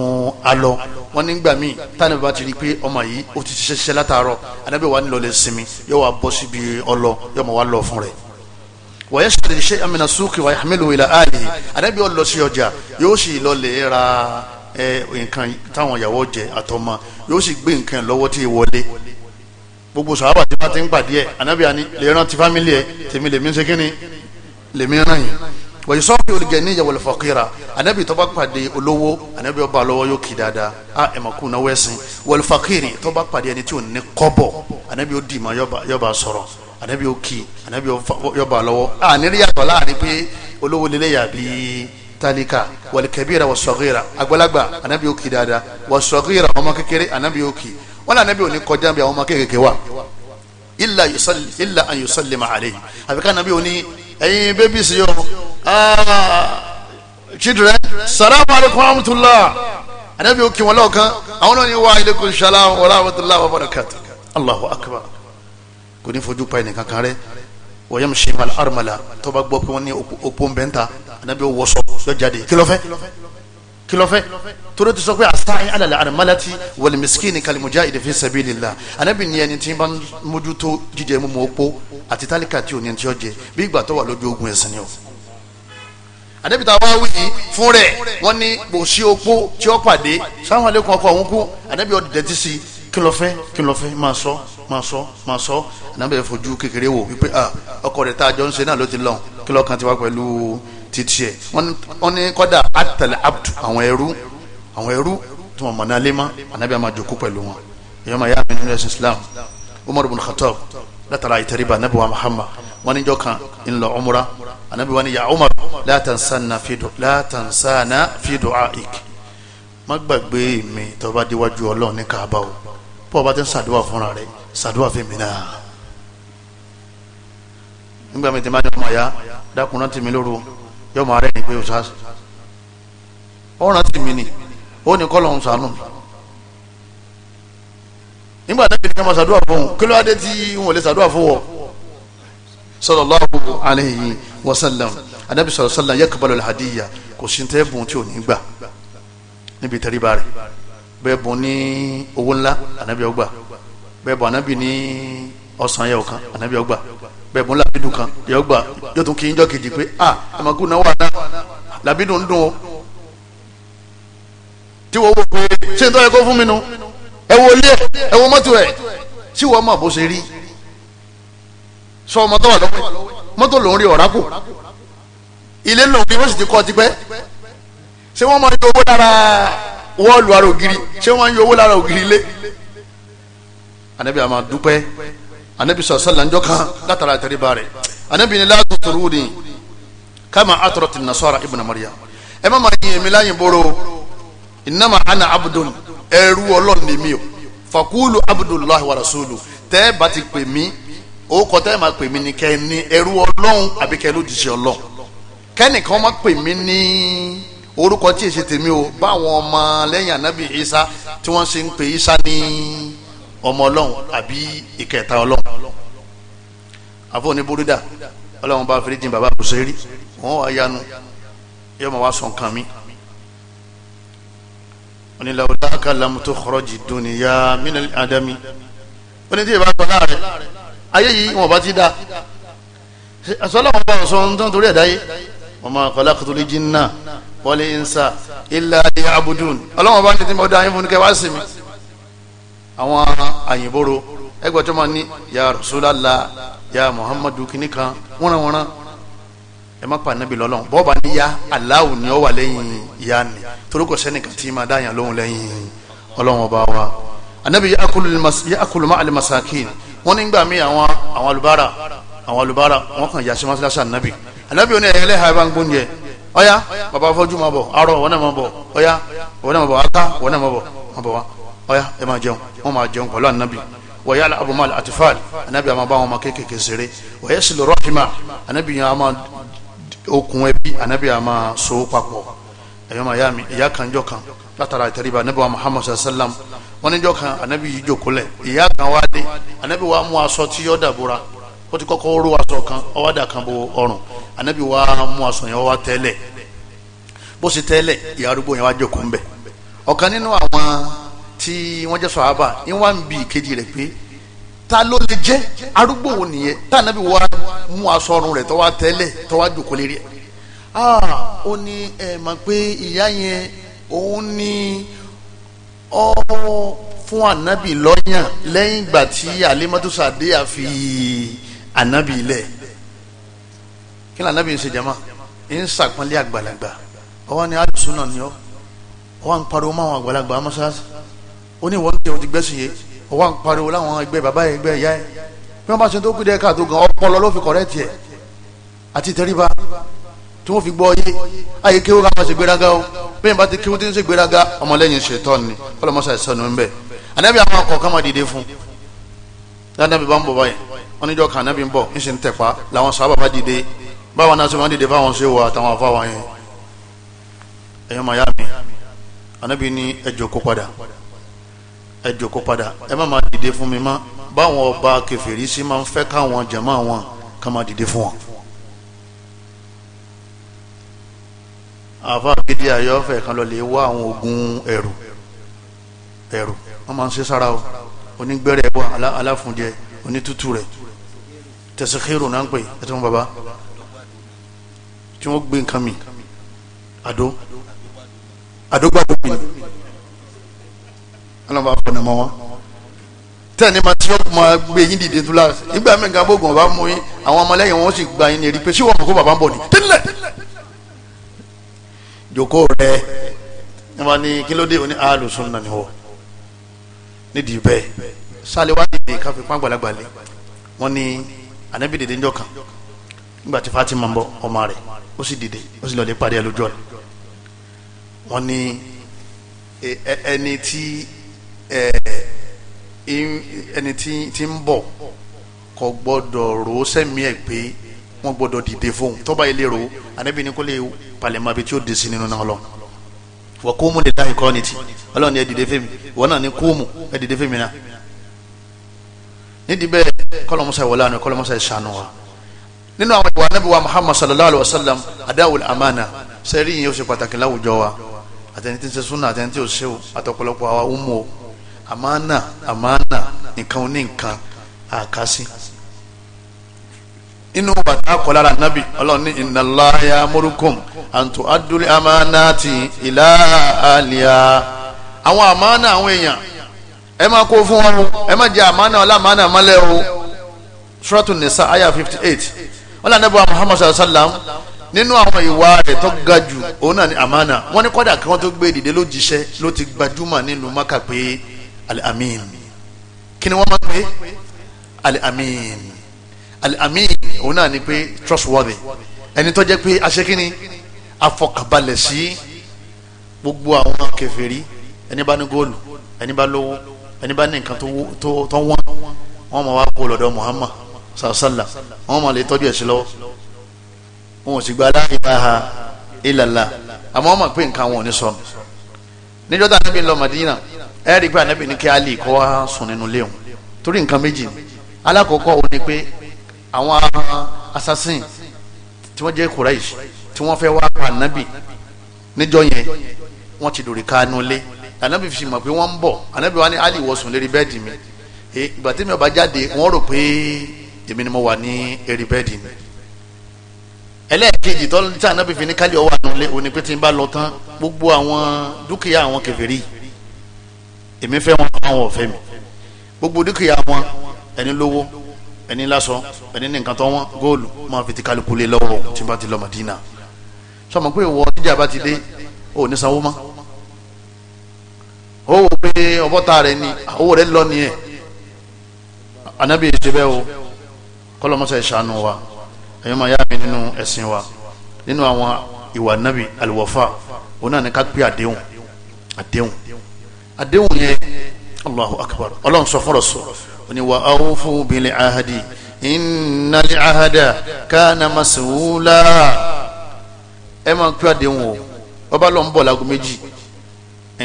alọ wọ́n nígbà míì táwọn bá ti rí i pé ọmọ yìí ó ti ṣiṣẹ́ ṣiṣẹ́ látàárọ̀ anábẹ́wà ń lè sinmi yóò wá bọ́ síbi ọlọ yóò mọ̀ wá lọ fún rẹ̀ wọ̀yẹ́sọ̀rọ̀ ṣe amina suki wa yahmilu ila alihi anabi ó lọ sí ọjà yóò sì lọ lè ra nǹkan táwọn ìyàwó jẹ àtọmọ yóò sì gbé nǹkan lọ́wọ́ tí ì wọlé gbogbo sàábà tí wọ́n ti ń pàdé ẹ̀ anabi àní lè rán ti fámìlì ẹ̀ tèmi lèmi ń ṣe kíni lèmi rán yìí wọ̀yẹ́sọ̀rọ̀ yóò gẹ̀ ní ìyàwó lè fọ́kìrà anabi pàdé olówó anabi ó a ẹ̀ máa kú náwó ẹ̀sìn wọ̀lẹ́fàkìrì tó bá pàdé ẹni tí ò ní kọ́bọ̀ anabi ànábì ó kì í ànábì yóò bá lọ́wọ́ à nílẹ̀ yàtọ̀ láàrin pé olówó lélẹ̀ yàbí tálíkà wàlìkẹ́bíra wà sọ̀gìrà àgbàlagbà ànábì ó kì í dáadáa wà sọ̀gìrà ọmọ kékeré ànábì ó kì í wọn ànábì ò ní kọjá bí àwọn ọmọ kékeré wa illa yusalli illa an yusalli ma alayhi àbíká ànábì ò ní ẹ̀yin babies yọ ah, children salamu alaykum wa rahmatulah ànábì ó kì wọn lọ́ọ̀kan àwọn náà ní wa alaykum salaam wa rahmatulah wa barakatuh allahu akbar kò ní fojú pa ẹnìkan kan rẹ wọ́yẹ́ ṣe mal armala tó bá gbọ́ pé wọ́n ní opó ń bẹ́ ń ta ànábi wọ́ sọ yọ jáde kílọ́fẹ́ kílọ́fẹ́ torí ti sọ pé asáyín alàlẹ́ armalati wal miskini kal mujahidi fi sabilillah ànábi ní ẹni tí ń bá mójútó jíjẹ mímu opó àti tálíkà tí ò ní ti ọ jẹ bí ìgbà tó wà lójú ogun ẹ̀sìn ni o ànábi tá a wá wí yìí fún rẹ̀ wọ́n ní kò sí opó tí ó pàdé sáwọn alẹ́kùn ọkọ̀ òun kú ànábi ọ̀dẹ̀dẹ̀ ti sí kí ló fẹ́ kí ló fẹ́ máa sọ máa sọ máa sọ ànábẹ́ fojú kékeré wò wípé ah ọkọ rẹ̀ tá a jọ ń ṣe náà ló ti lọ́n kí ló kan ti wá pẹ̀lú títí ẹ̀ wọ́n ní kọ́dà àtàlẹ̀ abdu àwọn ẹrú àwọn ẹrú tí wọ́n mọ̀nà lẹ́mọ́ ànábẹ́ máa jòkó pẹ̀lú wọn èèyàn máa yá mi nínú ẹ̀sìn Islam Umar bin Khatab. látara ìtẹríba ànábẹ́ wa Muhammad wọ́n níjọ́ kan ńlọ umra ànábẹ́ wa ni ya Umar la tansana fi du'a la tansana fi du'aik má gbàgbé mi tó bá déwájú pọ̀ bá ti ń sàdúrà fúnra rẹ̀ sàdúrà fèmí náà nígbà mi ti máa ní ọmọ ya dákúnná tì mí lóru yóò máa rẹ̀ ní pé òṣà ọ̀ràn tì mí ni ó ní kọ́ lọ́hún sànù mi nígbà tó kékeré máa sàdúrà fún un kí ló adé tí wọn lè sàdúrà fún wọ. sallallahu alayhi wa sallam anabi sallallahu alayhi wa sallam yaqbalu al-hadiyya kò sí tẹ́ bùn tí ò ní gbà níbi tẹ́ríba rẹ̀ bẹ́ẹ̀ bùn ní owó ńlá ànábì ọgbà bẹ́ẹ̀ bùn ànábì ní ọ̀sán yẹ ọ̀kan ànábì ọgbà bẹ́ẹ̀ bùn làbídùn kan yẹ ọgbà yóò tún kí yín jọ́ kejì pé a àmàkù náà wà náà làbídùn ń dùn o tí wọ́n wò pé ṣé n tọ́ yẹ kó fún mi nu ẹ wo ilé ẹ wo mọ́tò ẹ̀ tí wọ́n mọ̀ bó ṣe rí sọ mọ́tò wà lọ́wọ́ mọ́tò ló ń rí ọ̀rá kù ilé lòun ni wọ́n sì ti kọ́ tipẹ́ ṣé wọ́n mọ iye owó dára wọ́ọ̀lù ara ògiri ṣé wọ́n ń yọ owó lára ògiri lé anabi àmà dúpẹ́ anabi sọ̀rọ̀ sọ́lá njọ́ kan látara àtẹríba rẹ̀ anabi ni láàtò tòrú ni kama atọ̀rọ̀ tì nasara ibn Maryam ẹ má máa yin èmi láyìn boro innama ana abudul ẹrú ọlọ́run ni mi o fakulu abdullahi wa rasulu tẹ́ bá ti pè mí ó kọ tẹ́ máa pè mí ní kẹ́ ní ẹrú ọlọ́run àbí kẹ́ ló jìṣẹ́ ọlọ́run kẹ́nìkan má pè mí ní orúkọ tí èsì tèmi o báwọn ọmọ lẹ́yìn anabi isa tí wọ́n ṣe ń pè isa ní ọmọ ọlọ́run àbí ìkẹta ọlọ́run àfọ oníbúrídà ọlọ́run bá fèrè jìn bàbá bùsẹ̀rí wọ́n wá yanu yóò máa wá sọ nǹkan mi onílàwùdáka lamutu kọrọjì dùnìyà mínàlì àdámi oní tí ìbá sọ láàrẹ ayé yìí wọn bá ti dá sọlá wọn bá sọ ń tán torí ẹ̀dá yé wọn máa kọlá kàtólí jìnnà wọlé ìnsà ilẹ̀ ayé abudun ọlọ́wọ́n bá ní tí mo dá yín fún kẹ́ wá sí mi àwọn àyìnbóró ẹgbẹ́ tó máa ní ya Rasulullah ya Muhammadu kìíní kan wọ́nranwọ́nran ẹ má pa ànábì lọ́lọ́run bọ́ọ̀bà ní ya Allahu ni ó wà lẹ́yìn ìyá ni torí sẹ́nìkan tí máa dáyàn lóhun lẹ́yìn ọlọ́wọ́n bá wa ànábì yakulu ma alimasakin wọ́n nígbà míì àwọn àwọn alubára àwọn alubára wọ́n kàn yà sí masalasi oní ẹ̀yẹ́lẹ́ ha ẹ bá ń gbóúnjẹ ọ̀yá bàbá afọ́jú máa bọ̀ arọ wọn náà máa bọ̀ ọ̀yá wọn náà máa bọ̀ aká wọn náà máa bọ̀ máa bọ̀ wá ọ̀yá ẹ máa jẹun wọn máa jẹun pẹ̀lú ànábì wọ́n yálà abumal àtifáàlì ànábì àmà bá wọn máa kéékèèké ṣeré wọ́n yẹ sílò rọ́ọ̀fìmà ànábì yẹn àmà okùn ẹbí ànábì àmà so papọ̀ ẹ̀yọ́ màá yá mi ìyá kan jọ kan látara ìtẹríba ànábì wa muhammad sallam wọn níjọ kan ànábì yìí jòkólẹ̀ ìyá kan wá dé ànábì wa mú aṣọ tí yọ dàbúra ó ti kọ́kọ́ ró aṣọ kan ọwádà kan bo ọrùn anabi wa mú aṣọ yẹn wá tẹ́lẹ̀ bó ṣe tẹ́lẹ̀ ìyá arúgbó yẹn wá jókòó ńbẹ̀ ọ̀kan nínú àwọn tí wọ́n jẹ́ sọ̀hábà ni wọ́n ń bi ìkejì rẹ̀ pé ta ló lè jẹ́ arúgbó wo nìyẹn tá anabi wa mú aṣọ ọrùn rẹ̀ tó wá tẹ́lẹ̀ tó lérí ẹ̀ ah ó ní ẹ̀ mọ̀ pé ìyá yẹn òun ní ọ́ fún anabi lọ́yàn lẹ́yìn ìgbà tí alimọ́tò sàdéyà fi anabi lẹ̀ kí ni anabi ń ṣe jama ń sàpọ́nlé àgbàlagbà ọwọ́ ni alùsùn náà ni ọ́ ọwọ́ ń pariwo máwọn àgbàlagbà amọ́sáàsì ó ní ìwọ́n tí o ti gbẹ́sùn yé ọwọ́ ń pariwo láwọn ẹgbẹ́ bàbá yẹn ẹgbẹ́ ìyá yẹn bí wọ́n bá ṣe tó kú dẹ́ káàtó gan ọpọlọ ló fi kọ̀rẹ́ tiẹ̀ àti ìtẹríba tí wọ́n fi gbọ́ yé ayé kéwú ká máa ṣe gbéraga o bẹ́ẹ̀ bá ti kéwú tí ń ṣe gbéraga ọmọlẹ́yìn ṣètọ́ ni ọlọmọṣà ìṣọ́nu ń bẹ̀ ànábì àwọn ọkọ̀ ká máa dìde fún ànábì bá ń bọ̀ báyìí wọ́n níjọ́ kan ànábì ń bọ̀ ń ṣe ń tẹ̀pa làwọn sábà bá dìde báwọn náà sì máa ń dìde fáwọn ṣe wà àtàwọn afáwọn yẹn ẹ̀yọ́ màá yá mi anábì ní ẹ jókòó padà ẹ jókòó padà ẹ má máa dìde fún mi má báwọn ọba kẹfìrí sí máa ń fẹ́ káwọn jàmáà wọn ká máa dìde fún wọn. àfa gidi àyọ́fẹ́ kan lọ lè wá àwọn oògùn ẹ̀rù ẹ̀rù wọ́n máa ń ṣe sára o onígbẹ́rẹ̀ wa aláfúnjẹ onítútù rẹ̀ tẹ̀síkírù náà ń pè ẹ̀ tó ń bàbá tí wọ́n gbé nǹkan mi àdó àdógbàdó mi ọlọ́mọ àfọ̀nà mọ́ wọn tẹ́ni ma tí wọ́n ma gbé yín dìde tó la nígbà mí nǹkan bóògùn ọba mú yín àwọn ọmọlẹ́yìn wọn sì gba yín ní eri ṣé wọ́n mọ̀ kó bàbá ń bọ̀ ni tẹ́lẹ̀ jòkó rẹ níwọ̀n ni kílódé oní alùsùn náà ni wọ́n nídìí bẹ́ẹ̀ sálẹ̀ wá dìde káfí pàgbàlagbàlẹ̀ wọ́n ní anábìdìde ńjọ́ kan nígbà tí Fatima ń bọ̀ ọmọ rẹ̀ ó sì dìde ó sì lọ́ọ́ parí ẹ lójú ọ̀nà wọ́n ní ẹni tí ẹni tí ń bọ̀ kò gbọ́dọ̀ rò ó sẹ́mi ẹ̀ pé wọ́n gbọ́dọ̀ dìde fóun tọ́ba ilé ro ànábì ní kó lè palẹ̀mọ́ àbí tí ó dé sí nínú náà lọ wọ́n kó mu lè dá ikọ́ ni ti ọlọ́run ni ẹ dìde fèmí wọ́n náà ní kó mu ẹ dìde náà nídìí bẹ́ẹ̀ kọ́lọ́mọ́sá ìwọlá ni kọ́lọ́mọ́sá wa nínú àwọn ìwà anábì muhammad sallallahu alayhi wa sallam adáwòl amana sẹ́rí yìí ó ṣe pàtàkì láwùjọ wa àtẹni tí ń ṣe súnà àtẹni tí ó ṣe o àtọ̀pọ̀lọpọ̀ àwa ó mú o amana amana nǹkan oní nǹkan àkásí. inú bàtà kọ́ lára anábì ọlọ́ọ̀ni inna Allah ya'murukum an tu'addul amanati ila ahliha àwọn amana àwọn èèyàn ẹ máa kó fún wọn ẹ má jẹ amana ọlá amana mọ́lẹ́ o Suratu Nisa aya fifty eight wọ́n lànà bí muhammad sallallahu alayhi wa sallam nínú àwọn ìwà rẹ̀ tó ga òun náà ni amana wọ́n ní kọ́dà kí wọ́n tó gbé dìde ló jíṣẹ́ ló ti gbajúmọ̀ nílùú maka pé al-amin kí ni wọ́n máa ń pè al-amin al-amin òun náà ni pé trustworthy ẹni tó jẹ́ pé aṣekínni afọkàbalẹ̀ sí gbogbo àwọn kèfèrí ẹni bá ní góòlù ẹni bá lówó ẹni bá ní nǹkan tó wọ́n wọ́n máa wá kó lọ́dọ̀ muhammad sàlá wọn máa lè tọ́jú ẹ̀sìn lọ́wọ́ wọn ò sì gba la ilaha illallah àmọ́ wọn máa pè nǹkan wọn ò ní sọnù níjọ́ tá anábì lọ Madina ẹ̀ rí i pé anábì ní kí Ali kọ́ wá sùn nínú léwu torí nǹkan méjì alákọ̀ọ́kọ́ ò ní pé àwọn assassin tí wọ́n jẹ́ Quraysh tí wọ́n fẹ́ wá pa anábì níjọ́ yẹn wọ́n ti dòrè ká nulẹ̀ anábì fi mọ̀ pé wọ́n ń bọ̀ anábì wa ní Ali wọ́sùn lérí bẹ́ẹ̀dì mi ìgbà tí mi ò bá jáde wọ́n rò pé èmi ni mo wà ní eri bẹ́ẹ̀dì mi ẹlẹ́ẹ̀kejì tọ́lú tí ànábì fi ní kálí ọwọ́ ànulẹ̀ òní pé tí n bá lọ tán gbogbo àwọn dúkìá àwọn kèfèrí èmi fẹ́ wọn àwọn ọ̀fẹ́ mi gbogbo dúkìá wọn ẹni lówó ẹni lásán ẹni ní nǹkan tó wọn góòlù máa fi ti kálukú lé lọ́wọ́ tí n bá ti lọ Madina sọmọ pé ìwọ jíjà bá ti dé ò ní sanwó mọ́ o wò pé ọbọ̀ta rẹ ni owó rẹ lọ nìyẹn ànábì ìṣẹ́bẹ́ o kọlọmọsẹ ìṣàánú wa ẹ̀yọ́ máa yá mi nínú ẹ̀sìn wa nínú àwọn ìwà nábì alwafa òun náà ní ká pé àdéhùn àdéhùn àdéhùn yẹn allahu akbar ọlọ́run sọ fọ́rọ̀ sọ òní wa awfu bil ahadi innal ahada kana mas'ula ẹ máa pé àdéhùn o ọba lọ ń bọ̀ láago méjì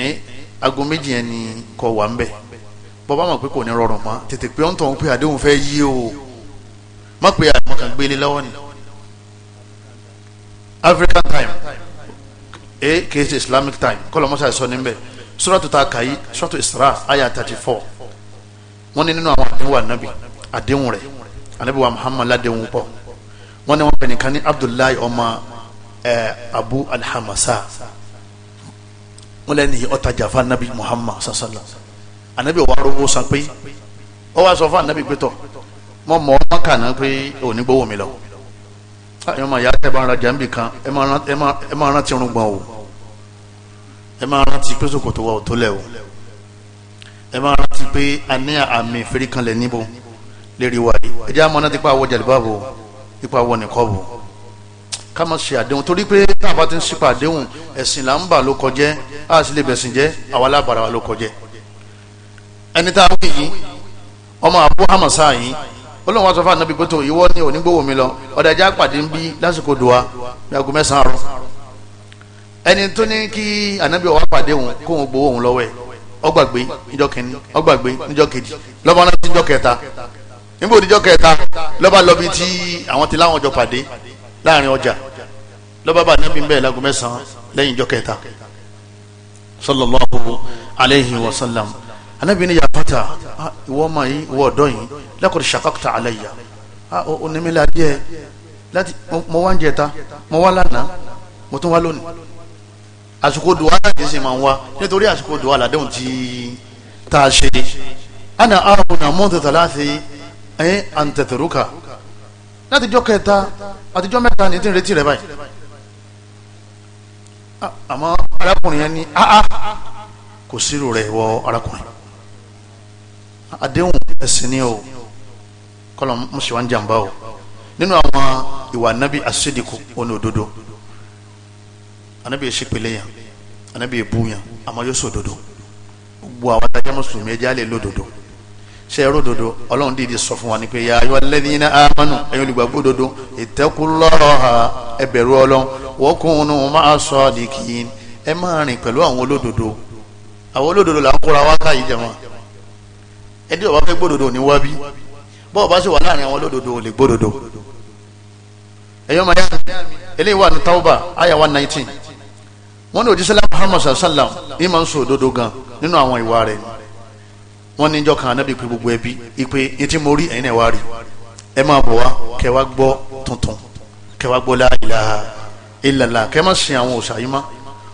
ẹ̀yìn aago méjì yẹn ni kò wà ń bẹ̀ bọ́ bá pé kò ní rọrùn mọ́ tètè pé ọ̀ǹtọ̀ ń pé àdéhùn fẹ́ yí o má pé àmọ́ kan gbélé lọ́wọ́ ni African time e kì í ṣe Islamic time kọ́lọ́ mọ́sá sọ níbẹ̀ suratu ta kàyí suratu Isra aya thirty four wọ́n ní nínú àwọn àdéhùn ànábì àdéhùn rẹ̀ ànábì wa Muhammad ládéhùn pọ̀ wọ́n ní wọ́n pè nìkan ní Abdullahi ọmọ ẹ̀ Abu Alhamasa wọ́n lẹ́ni ọ̀tajà fún ànábì Muhammad sallallahu ànábì wa arúgbó san pé ọ wá sọ fún ànábì pé mọ́ mọ́ ọ́ kànáà pé ò ní gbowó mi lọ. Ah, ẹ máa yá ẹ máa ra jàǹbì kan ẹ máa rántí irun gbọ̀n o ẹ máa rántí pé sòkòtò wa ò tó lẹ̀ o ẹ máa rántí pé a ní àmì ìfẹ́ríkanlẹ̀ níbo lérí wa yìí ẹ jẹ́ àmọ́ náà tipa àwọ̀ jàlíbáàbò tipa àwọ̀ nìkọ́bù ká má ṣe àdéhùn torí pé tá a bá ti ń ṣípa ẹ̀sìn là ń bà ló kọjẹ́ a sì lè bẹ̀sìn jẹ́ àwa alábàárà wa ló kọjẹ́ ẹni tá a wí yìí ọmọ àbú yìí olóhùn wa sọ fún anabi pẹ̀tọ́ ìwọ ni onígbòwò mi lọ ọ̀dàjà pàdé ń bí lásìkò dùwà ní aago mẹ́sàn-án rọ ẹni tó ní kí anabi ọwọ́ pàdé òun kó òun gbowó òun lọ́wọ́ ẹ̀ ọgbàgbé níjọ́ kìíní ọgbàgbé níjọ́ kejì lọ́ba náà níjọ́ kẹta níbo níjọ́ kẹta lọ́ba lọ́bi tí àwọn ti láwọn jọ pàdé láàrin ọjà lọ́ba bá anabi bẹ́ẹ̀ láago mẹ́sàn-án lẹ́yìn ìjọ́ kẹta sallallahu alayhi wa anabi ni yafata ìwọ ọmọ yìí ìwọ ọ̀dọ́ yìí laqad shaqaqta alayya onímìlá díẹ̀ láti mo wá ń jẹta mo wá lánàá mo tún wá lónìí àsìkò dùwà láti sì máa ń wá nítorí àsìkò dùwà làdéhùn tí tá a ṣe ana aamuna mọ́tò tàláfi ẹ̀yìn àǹtẹ̀tẹ̀rúkà látijọ́ kẹta àtijọ́ mẹ́ta ní tí ń retí rẹ̀ báyìí àmọ́ arákùnrin yẹn ní áá ah, ah, kò sírò rẹ̀ wọ arákùnrin àdéhùn ẹ̀sìn ni o kọ́lọ̀ mùsùlùmí jàǹbá o nínú àwọn ìwà nábì àṣídìkù òní òdodo ànábì èṣìpele yàn ànábì èbú yàn àmọ́ yóò sòdodo gbogbo àwọn adájọ́ mùsùlùmí ẹja lè lódodo ṣe ẹrú òdodo ọlọ́run dìde sọ fún wa ní pé ya ayyuhalladhina amanu ẹ̀yin olùgbàgbọ́ òdodo ittaqullaha ẹ bẹ̀rù ọlọ́run wa kunu ma'as sadiqin ẹ máa rìn pẹ̀lú àwọn olódodo àwọn olódodo là ń kóra wákàyí jẹ́ wọn ẹni ọba fẹ́ gbódòdó ní wá bí bọ́ ọba sì wà láàrin àwọn olódodo ò lè gbódòdó ẹ̀yọ́ máa yá eléyìí wà ní tauba ayawa nineteen wọ́n ní òjíṣẹ́ lápá Muhammad sallam ní máa ń sọ òdodo gan nínú àwọn ìwà rẹ̀ wọ́n ní ìjọ kan anábì pé gbogbo ẹbí ipe ní tí mo rí rí ẹ máa bọ̀ wá kẹ wá tuntun kẹ wá gbọ́ la ilaha illallah kẹ má sin àwọn òòṣà yìí má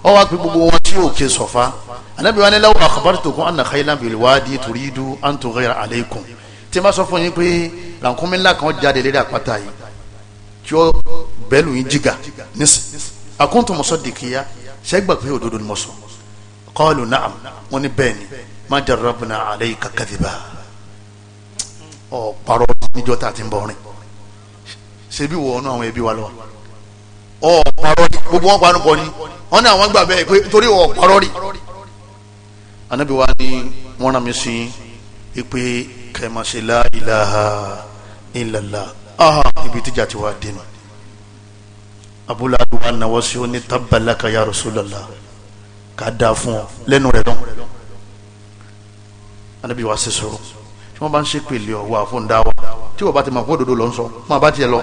ọ wá pé gbogbo wọn tí òkè sọ̀fà anabi wa ni law akhbartukum anna khaylan bil wadi turidu an tughira alaykum tí ma sọ fún yín pé làǹkúnmí ńlá kan jáde lérí àpáta yìí tí ó bẹ́ẹ̀lù yín jìgà nísì akuntum musaddiqiya ṣẹ́gbà pé òdodo ni mo sọ qalu na'am wọn ni bẹ́ẹ̀ ni ma jarrabna alayka kadhiba ọ̀ parọ́ níjọ́ tá ti ń bọ̀ rìn ṣebí wọ̀ ọ́nà àwọn ẹbí wa lọ́wọ́ ọ̀pọ̀rọ̀ rí gbogbo wọn panu pọ̀ ni wọn ní àwọn gbà bẹ́ẹ̀ pé torí ọ̀pọ̀rọ̀ rí. anabi wa ni wọn rán mi sí i pé kẹmàṣẹ la ilaha illallah aha ibi tíjà ti wá dénú abúlé adúlá náwó sí ó ní tábàlákà ya Rasulullah ká dáa fún ọ lẹ́nu rẹ̀ lọ́n anabi wa ṣe sọ̀rọ̀ tí wọ́n bá ń ṣe pèlè ọ̀wọ́ àfọ̀ǹdáwà tí wọ́n bá ti mọ̀ fún òdodo lọ́n sọ fún abá lọ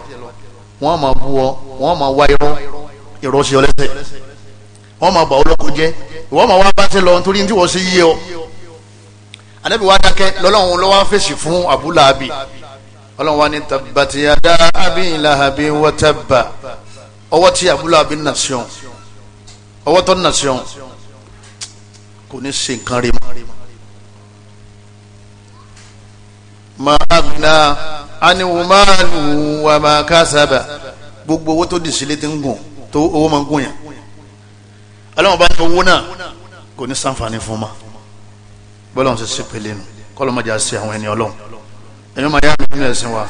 wọ́n máa bú ọ wọ́n máa wá irọ́ irọ́ sí ọ lẹ́sẹ̀ wọ́n máa bà ọ lọ́kọ jẹ́ ìwọ́n máa wá bá ti lọ nítorí tí wọ́n sì yé ọ. anábì wá dákẹ́ lọ́lọ́run lọ́wọ́ fèsì fún Abu Lahabi ọlọ́run wá ní tabati yada abi lahabi wa tabba ọwọ́ tí Abu Lahabi nà sí ọ ọwọ́ tó nà sí ọ kò ní ṣe nǹkan rí mọ́. ma agna aniwumaanu wa ma kasaba gbogbo owó tó di sílé ti ń gùn tó owó máa ń gùn yẹn aláwọ̀ bá ní owó náà kò ní sanfàní fún ma bọ́lá ṣe ṣe pélé nu kọ́lọ́ máa jà sí àwọn ẹni ọlọ́run ẹni máa yá nínú ẹ̀sìn wa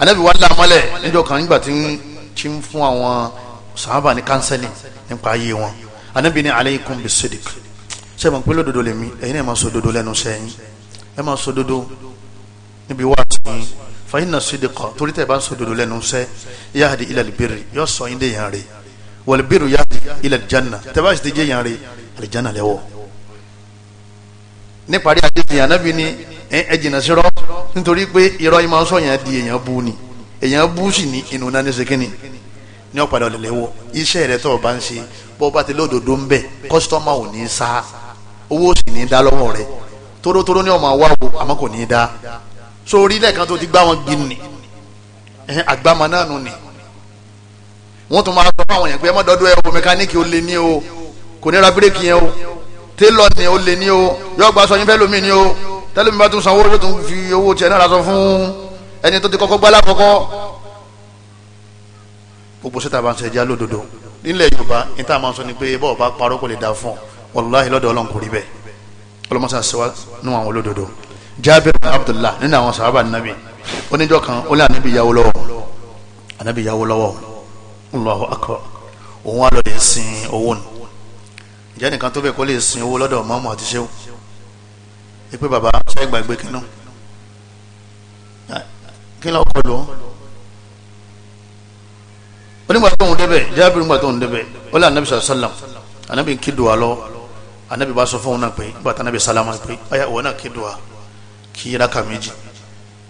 anábì wa lámọ́lẹ̀ níjọ́ kan nígbà tí ń ti ń fún àwọn sàhábà ní kánsẹ́lì nípa ayé wọn anábì ní alaykum bis-sidq ṣe mọ̀ pé lódodo lèmi ẹ̀yin náà máa sọ dodo lẹ́nu sẹ́yìn ẹ máa sọ dodo níbi wáàsí fàyínà sídìkọ torí tẹ bá ń sọ dodo lẹ́nu sẹ yáàdì ilẹ̀ libiri yọ sọ yín dé yàn rè wàlíbiru yáàdì ilẹ̀ janna tẹ bá sì ti jẹ yàn rè alijanna lẹwọ. níparí àdéhùn yàrá bí ni ẹ jìnnà sírọ nítorí pé irọ́ yìí máa ń sọ yàn di èèyàn bú ni èèyàn bú sì ní inú náà ní sekínì ní ọ̀padà ọ̀lẹ̀lẹ̀wọ̀ iṣẹ́ rẹ̀ tó o bá ń ṣe bó o bá ti lódodo ń bẹ̀ kọ́sítọ́mà ò ní sá owó sì ní dá lọ́wọ́ rẹ̀ tórótóró ní ọmọ àwa wo àmọ́ kò ní dá so orílẹ̀ kan tó ti gbá wọn gbin ni àgbàmọ̀ náà nù ni wọ́n tún máa sọ fún àwọn yẹn pé ẹ má ẹ o mẹkáníìkì ó lé ní o kò ní ra bírèkì yẹn o télọ̀ ni ó lé ní o yọ gba aṣọ yín fẹ́ lómi ni o tẹ́lẹ̀ mi bá tún sanwó yóò tún fi owó tiẹ̀ náà ra sọ fún ẹni tó ti kọ́kọ́ gbálá kọ́kọ́ gbogbo síta bá ń sọ ẹja nílẹ̀ yorùbá ní tá a máa sọ ni pé bọ́ọ̀ bá parọ́ kò lè dá fún ọ wàlúwàhí lọ́dọ̀ ọlọ́run kò rí bẹ́ẹ̀ ọlọ́mọṣà sọ nù àwọn olódodo Jabir bin Abdullah nínú àwọn sàhábà nàbí oníjọ́ kan ó lé ànábì yàwó lọ́wọ́ ànábì yàwó lọ́wọ́ Allahu akbar òun á lọ lè sin owó nù ìjẹ́ nìkan tó bẹ̀ kó lè sin owó lọ́dọ̀ mọ́mú àti ṣéwù ipe bàbá ṣe gbàgbé kínú kí ló kọ lò ó onígbà tó ń débẹ̀ Jabir nígbà tó ń débẹ̀ ó lé ànábì sàlám ànábì kí dùwà lọ ànábì bá sọ fún òun náà pé nígbà tó ànábì sàlámà pé ọ̀yà òun náà kí dùwà kí raka méjì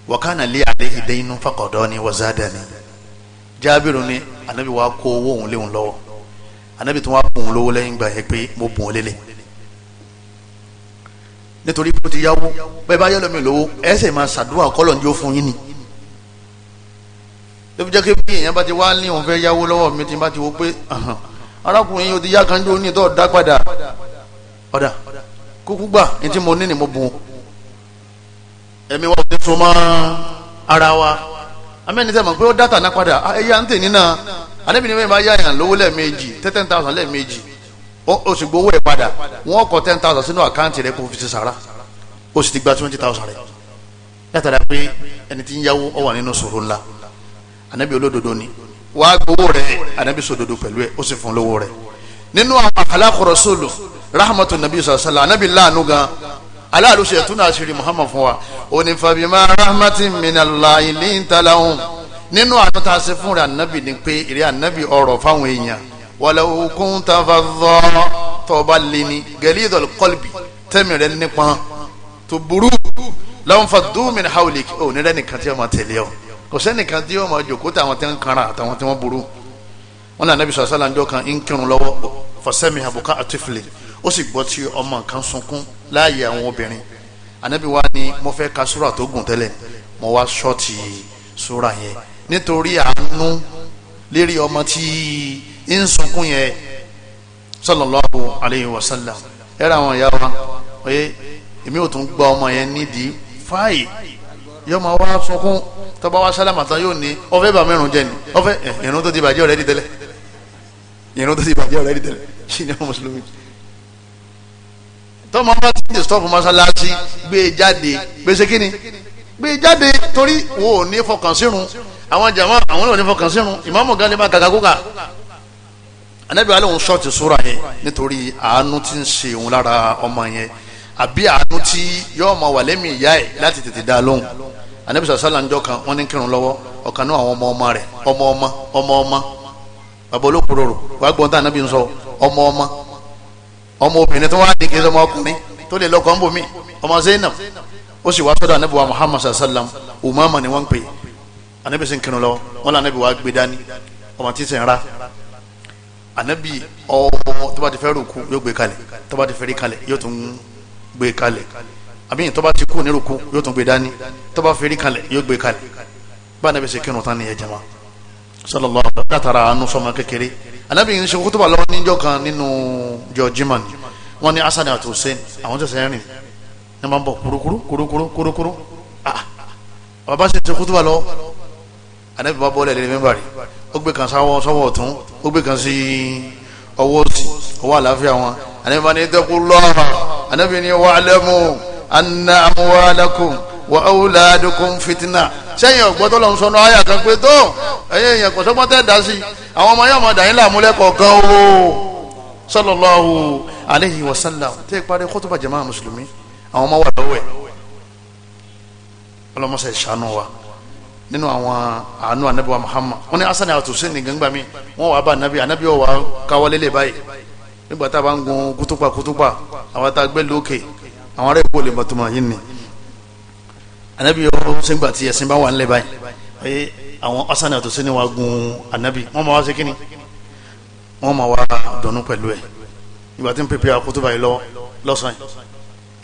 wa kana li alayhi daynun faqadani wa zadani Jábìrù ní anabi wa kó owó òun léwu lọ́wọ́ anabi tó wá bùn lówó lẹ́yìn gbà yẹn pé mo bùn ó lélẹ̀ nítorí pé ó ti yáwó bẹ́ẹ̀ bá yẹ́lọ́mi lówó ẹ̀sẹ̀ máa ṣàdúrà kọ́lọ̀ ní ó fún yín ni ló fi jẹ́ pé bí èèyàn bá ti wá ní òun fẹ́ yáwó lọ́wọ́ mi ti bá ti wo pé arákùnrin yóò ti yá kanjú ní tó dá padà ọ̀dà kúkú gbà ní tí mo ní ni mo bùn ó ẹ̀mí wa ò ti so mọ́ ara wa amẹ́ni sẹ́mi pé ó dátà náà padà ẹ̀yà ń tè nínà anábìnrin mi máa yá yàn lówó lẹ́ẹ̀mejì ten thousand lẹ́ẹ̀mejì o sì gbowó ẹ̀ padà wọ́n kọ ten thousand sínú àkáǹtì rẹ kó fi ṣe sàrà o sì ti gba twenty thousand rẹ látara pé ẹni tí ń yáwó ọ wà nínú sòrò ńlá anábì olódodo ni wà á gbowó rẹ anábì sòdodo pẹ̀lú ẹ ó sì fún lówó rẹ nínú àwọn àkàlà kọ̀rọ̀ sólò rahmatu nabi sallallahu alayhi wa sallam anábì láàánú gan aláàlú ṣe túnà àṣírí muhammad fún wa òní fabima rahmatin minallahi linta lahum nínú àánú tá a ṣe fún rẹ ànábì ni pé ìrẹ ànábì ọ̀rọ̀ fáwọn èèyàn walau kunta faddan tọba lini galidul qalbi tẹmí rẹ nípa tó burú lanfaddu min hawlik ò ní rẹ nìkan tí wọn máa tẹ̀lé ọ kò sẹ́nìkan tí wọn máa jòkó táwọn tí wọn kanra àtàwọn tí wọn burú wọn ní ànábì sọ àṣàlànjọ kan ń kírun lọ́wọ́ fasamiha buka ó sì gbọ́ tí ọmọ kan sunkún láàyè àwọn obìnrin ànábì wa ni mo fẹ́ ka súrà tó gùn tẹ́lẹ̀ mo wá ṣọ́ọ̀tì súrà yẹn nítorí àánú lérí ọmọ tí ń sunkún yẹn sallallahu alayhi wa sallam ẹ̀rọ àwọn ìyá wa oye èmi ò tún gba ọmọ yẹn nídìí fáyì yọ ma wá sunkún tọba wa sálámà tán yóò ní ọfẹ bá mẹrun jẹ ni ọfẹ ìrún eh, tó ti bàjẹ́ ọ̀rẹ́dì tẹ́lẹ̀ ìrún tó ti bàjẹ́ ọ̀rẹ́dì tẹ́lẹ̀ ṣì ní ọmọ mùsùlùmí tọ́mọ bá ti disturb mọ́sálásí gbé e jáde gbèsè kíni gbé e e jáde torí wo ò ní fọkàn sírun àwọn jàmá àwọn ò ní fọkàn sírun ìmáàmù gan ni máa gàgà kúkà anábìá lóun ṣọ́ọ̀tì sóra yẹn nítorí àánú tí ń ṣe òun lára ọmọ yẹn àbí àánú tí yóò máa wà lẹ́mìí ìyá ẹ̀ láti tètè dá lóhùn anábì sàṣàlà ń jọ kan wọ́n ní kírun lọ́wọ́ ọ̀kan náà àwọn ọmọ ọmọ rẹ̀ ọmọ ọmọ ọmọ ọmọ ọmọ ọmọ obìnrin tó wá di kí ọmọ ọkùnrin tó lè lọkọ ọmọ mi ọmọ Zainab ó sì wá sọ́dọ̀ anabi wa Muhammad sallam umama ni wọn pè é anabi sì ń kinu lọ wọn lọ anabi wa gbé dání ọmọ títí ń ra anabi ọmọ tó bá ti fẹ́ rúkú yóò gbé kalẹ̀ tó bá ti fẹ́ rí kalẹ̀ yóò tún gbé kalẹ̀ àbí tó bá ti kú ní rúkú yóò tún gbé dání tó bá fẹ́ rí kalẹ̀ yóò gbé kalẹ̀ bá anabi sì kinu tán ni ẹ jẹ wọn sallallahu alaihi wa sallam látara àánú sọmọ kékeré anabi ń ṣe kútùbà lọ́wọ́ níjọ́ kan nínú jọ jimá ni wọ́n ní Hasan àti Hussein àwọn tẹ̀sẹ̀ rìn ní máa ń bọ̀ kurukuru kurukuru kurukuru ah bàbá ṣe ṣe kútùbà lọ́wọ́ anabi bá bọ́ọ̀lù ẹ̀lẹ́ni mẹ́bà rí ó gbé kan sáwọ́ sọ́wọ́ ọ̀tún ó gbé kan sí ọwọ́ òsì ọwọ́ àlàáfíà wọn anabi bá ní dẹ́kun lọ́ọ̀rọ̀ anabi ní wa'lamu anna amwalakum wa awladukum fitna sẹ́yìn ọ̀gbọ́tọ̀ lọ́n sọ́nà ayà kan pé tó ẹ̀yin èèyàn kò sọ́gbọ́n tẹ́ dá sí àwọn ọmọ yóò máa dà yín láàmú lẹ́kọ̀ọ́ gan o sallallahu alayhi wa sallam tẹ́ ẹ parí kótópà jàmáà mùsùlùmí àwọn ọmọ wà lọ́wọ́ ẹ̀ ọlọ́mọṣẹ́ ìṣàánú wa nínú àwọn àánú anabi wa Muhammad wọn ni asan àti hussein nìkan gbà wọn wà bá anabi anabi wà káwọlé lè báyìí nígbà tá a bá ń gun kutupa kutupa àwọn tá a gbé lókè àwọn ará ìbò lè bàtúmọ̀ yìí ni anabi yóò ṣe ń gbà tí ẹ̀sìn bá wà ń báyìí àwọn asani àti sini wa gun anabi wọn ma wá sí kíni wọn ma wá dọ̀nù pẹ̀lú ẹ̀ ìgbà tí n pèpè àkótóbá yìí lọ lọ́sàn-án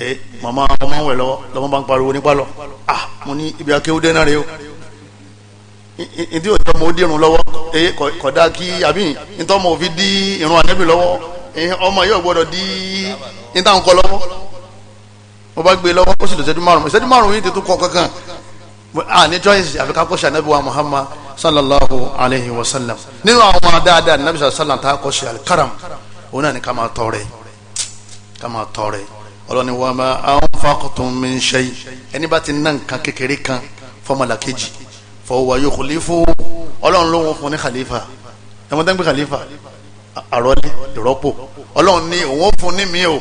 ẹ màmá ọmọ wẹ̀ lọ lọ́mọ bá ń pariwo nípa lọ ah mo ní ibi akéwú dé náà rè o ìdí òjò mo dí irun lọ́wọ́ ẹ kọ̀dá kí àbí nítorí mo fi dí irun anabi lọ́wọ́ ọmọ yóò gbọ́dọ̀ dí nítorí kọ́ lọ́wọ́ mo bá gbé lọ́wọ́ ó sì lọ ìṣẹ́jú márùn a ah, ní choice àfi ká kọ́ṣe anabi wa muhammad sallallahu alayhi wa sallam nínú àwọn dáadáa anabi sallam ta kọ́ṣe alikaram òun náà ni ká máa tọrẹ ká máa tọrẹ ọlọ́ni wa ma anfaqtum min shay ẹni bá ti ná nǹkan kékeré kan fọmọlàkejì fọwọ́ yukhlifu ọlọ́run ló ń fún ní khalifa ẹ̀wọ̀n tẹ́ ń gbé khalifa àrọ́lé ìrọ́pò ọlọ́run ní òun fún ní mi o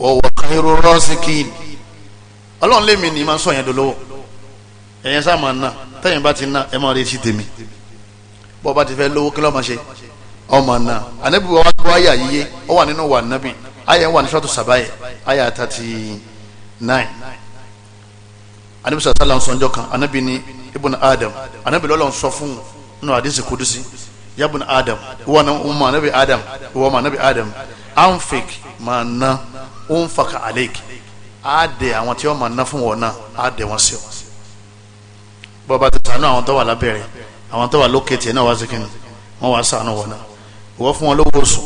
wọ́wọ́ khairu rasikin ọlọ́run lèmi ni máa ń sọ yẹn dolówó ẹ̀yẹn sáà máa ná tẹ̀yìn bá ti ná ẹ máa retí tèmi bọ́ bá ti fẹ́ lówó kí ló máa ṣe ọmọ náà ànábì wa wá gbọ́ àyà yíyé ó wà nínú wà nábì àyà wà ní sọ́tò sàbáyé àyà thirty nine ànábì sàtà là ń sọ ọjọ́ kan ànábì ni ibùn adam ànábì lọ́lọ́ ń sọ fún nù àdìsí kudusi yabùn adam wọ́n náà ń mọ ànábì adam wọ́n mọ ànábì adam anfik máa ná ó ń faka àlèkì á dẹ àwọn tí wọ́n máa ná fún wọn náà á dẹ wọn sí ọ bọ́ bá ti sànú àwọn tó wà lábẹ́rẹ́ àwọn tó wà lókè tiẹ̀ náà wá sí kínní wọ́n wá sànú wọn náà ìwọ́ fún wọn lówó oṣù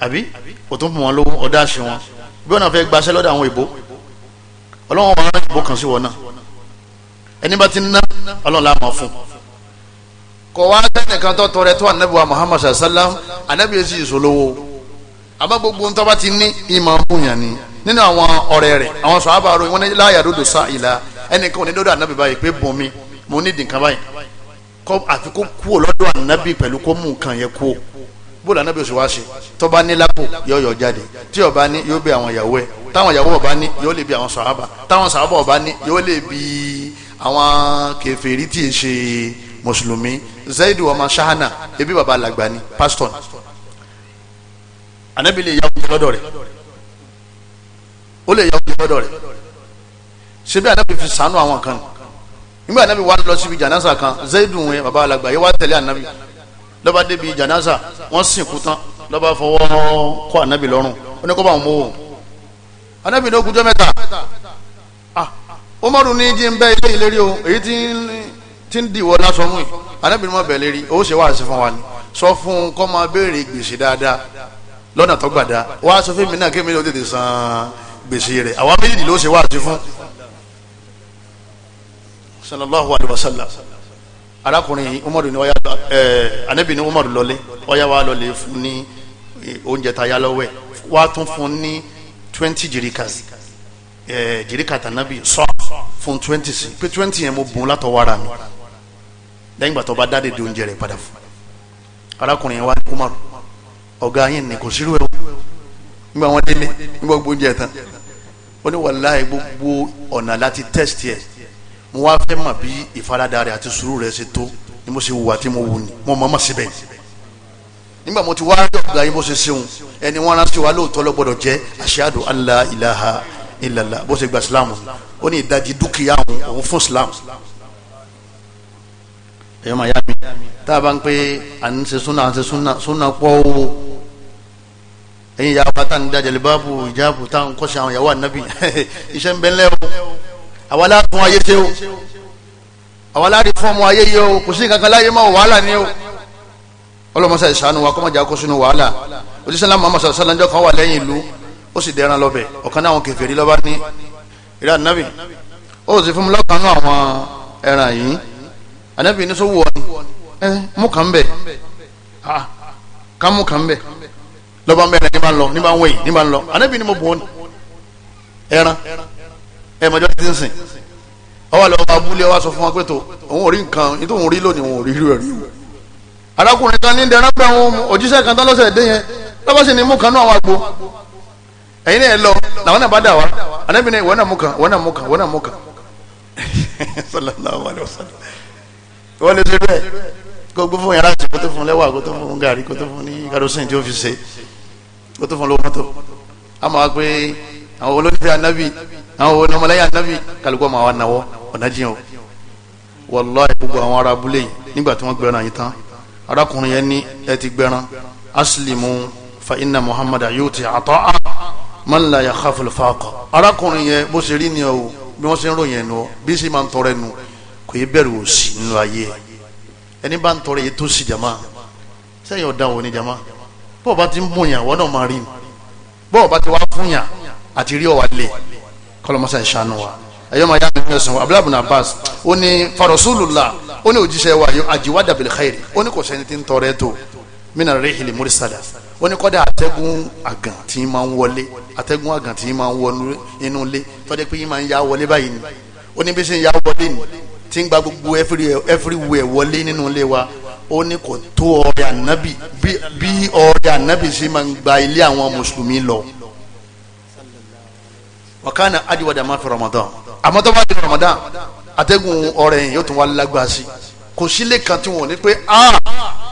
àbí o tún fún wọn lówó ọ̀dá àṣì wọn bí wọn náà fẹ́ gbaṣẹ́ lọ́dọ̀ àwọn ìbò ọlọ́wọ́n wọn rán ìbò kan sí wọn náà ẹni bá ti ná ọlọ́run la máa fún kò wá sẹ́nìkan tó tọrẹ tó ànábì wa Muhammad sallam ànábì yẹn sì ìṣòlówó àmọ́ gbogbo ntọ́ bá ti ní ìmọ̀ ọ̀hún yàn ni nínú àwọn ọ̀rẹ́ rẹ̀ àwọn sọ̀hábà rẹ̀ wọ́n ní láyà dòdò sá ìlà ẹnìkan ní dòdò ànábì báyìí pé bùn mi mo ní ìdìkan báyìí kọ́ àfi kó kú lọ́dọ̀ ànábì pẹ̀lú kó mú nǹkan yẹn kú bóòlù ànábì oṣù wá ṣe tó bá ní lápò yóò yọ jáde tí ó bá ní yóò bẹ àwọn ìyàwó ẹ̀ táwọn ìyàwó ó ní yóò lè bí àwọn sọ̀hábà táwọn sọ̀hábà ó bá ní yóò lè bí àwọn kèfèrí tí ì ṣe mùsùlùmí zaidu ọmọ sahana ebi baba alàgbà ni pásítọ̀ ànábì lè yá oúnjẹ lọ́dọ̀ rẹ̀ ó lè yọ ọkùnrin gbọ́dọ̀ rẹ̀ ṣebí anabi fi sànú àwọn kan nígbà anabi wà lọ síbi jànáza kan zaidun wẹ baba alàgbà yẹ wà tẹ̀lé anabi lọba débi jànáza wọn sìnkú tán lọba fọwọ́ kọ anabi lọ́rùn ó ní kó bá wọn mọ wọn anabi ní ogúnjọ́ mẹ́ta ah umaru ní jí ń bẹ ilé ìlérí o èyí tí ń dìwọ lásán mú yìí anabi ní wọn bẹ lérí ó ṣe wá sí fún wa ni sọ fún un máa béèrè gbèsè dáadáa lọ́nà tó gbàdá wá sọ fún mi náà kí mi ló tètè san án gbèsè rẹ̀ àwa méjì ló ṣe wáàsí fún sallallahu alayhi wa sallam arákùnrin umaru ni ọya ẹ anabi ni umaru lọlé ọya wa lọlé fún ní oúnjẹ tá a wá tún fún ní twenty jirikas ẹ jirikata nabi sọ fún twenty sí pé twenty yẹn mo bùn látọwọ́ ara mi lẹ́yìn ìgbà tó bá dáde di oúnjẹ rẹ̀ padà fún arákùnrin yẹn umaru ọ̀gá yẹn ni kò sírú ẹ̀ nígbà wọn délé nígbà gbogbo tán ó ní wàláhì gbogbo ọ̀nà láti test yẹ mo wá fẹ́ mọ̀ bí ìfaradà rẹ̀ àti sùúrù rẹ̀ ṣe tó ni mo ṣe wùwà tí mo wù ni mo mọ̀ mọ̀ síbẹ̀ nígbà mo ti wá rí ọ̀gá yín bó ṣe ṣeun ẹni wọ́n ránṣẹ́ wa lóòótọ́ ló gbọ́dọ̀ jẹ́ ashadu alla ilaha illallah bó ṣe gba islam ó ní ìdajì dúkìá òun òun fún islam ẹ̀yọ́ màyá mi tá a bá ń pé à ń ṣe súnà à ń ṣe súnà súnà pọ́ ẹ̀yin ìyá wa táwọn dájà lè báàbù ìjáàbù táwọn kọ́ṣẹ́ àwọn ìyàwó ànábì iṣẹ́ ń bẹ ńlẹ́ o àwa láàfún ayé ṣe o àwa láàrin fún ọmọ ayé yìí o kò sí nǹkan láyé mọ́ wàhálà ni o ọlọ́mọṣà ìṣàánú wa kọ́mọ̀jà kó sínú wàhálà oníṣẹ́lá muhammad sallallahu alaihi wasallam kan wà lẹ́yìn ìlú ó sì dẹran lọ́bẹ̀ ọ̀kan náà àwọn kèfèrí lọ́ba ní ìrẹ́ ànábì ó sì fún mi lọ́kànnú àwọn ẹran yìí ànábì ní sọ wù ọ ni ẹ mú kàn bẹ̀ kàn mú kàn bẹ̀ lọ́ba ń bẹ̀rẹ̀ ní bá ń lọ ní bá ń wẹ̀yìn ní bá ń lọ anábì ni mo bọ̀ ọ́nà ẹran ẹ mọ̀jọ́ ti ń sìn ọwọ́ lọ́wọ́ abúlé wa sọ fún wa pé tó òun ò rí nǹkan ní tó òun rí lónìí òun ò rí rí rẹ̀ rí wò. arákùnrin kan ní ń dẹran pé àwọn òjíṣẹ́ kan tán lọ́sẹ̀ dé yẹn lọ́ba sì ni mú kan náà wá gbó ẹ̀yin náà lọ làwọn náà bá dà wá anábì ni ìwọ náà mú kan ìwọ náà mú kan ìwọ náà mú kan sallallahu alayhi wa sallam ìwọ lè ṣe bẹ́ẹ̀ ó tún fún lówó mọ́tò a máa pé àwọn olónífẹ́ anábì àwọn onímọ̀lẹ́yìn anábì kálukú ọmọ àwọn anáwọ́ ọ̀nà jiyàn o wàláhì gbogbo àwọn ará abúlé yìí nígbà tí wọ́n gbẹran yìí tán arákùnrin yẹn ní ẹ ti gbẹran aslimu fa inna muhammad ayuti ata'a man la yakhafu al-faqa arákùnrin yẹn bó ṣe rí ni o bí wọ́n ṣe ń ròyìn ẹnu bí ṣe máa ń tọrẹ nu kò yẹ bẹ̀rù òṣì nínú ayé ẹni bá ń tọrẹ yìí tó sì jama sẹ́yìn ọ̀dà wo ni jama bọ́ọ̀ bá ti ń bùnyàn wọ́n náà máa rí ni bọ́ọ̀ bá ti wá fúnyàn àti rí ọ̀wà lè kọlọmọsà ìṣàánú wa ẹ̀yọ́ máa yá mi ẹ̀sùn Abdullah ibn Abbas ó ní farasulula ó ní òjíṣẹ́ wa yọ àjíwádà bil khairi ó ní kò sẹ́ni tí ń tọrẹ tó mina rihili murisala ó ní kọ́dà atẹ́gùn àgàn tí máa ń wọlé atẹ́gùn àgàn tí máa ń wọnú inú ilé tọ́jú pé yín máa ń yá wọlé báyìí ni ó ní bí ṣe ń yá wọlé ni tí ń gba gbogbo everywhere wọlé nínú ilé wa ó ní kò tó ọrẹ ànábì bí ọrẹ ànábì sì máa ń gba ilé àwọn mùsùlùmí lọ wakana adiwada ma fi ramadan àmọ́ tó bá ramadan atẹ́gùn ọrẹ yìí yóò tún wá lágbá sí kò sílé kan tí wọn ní pé ah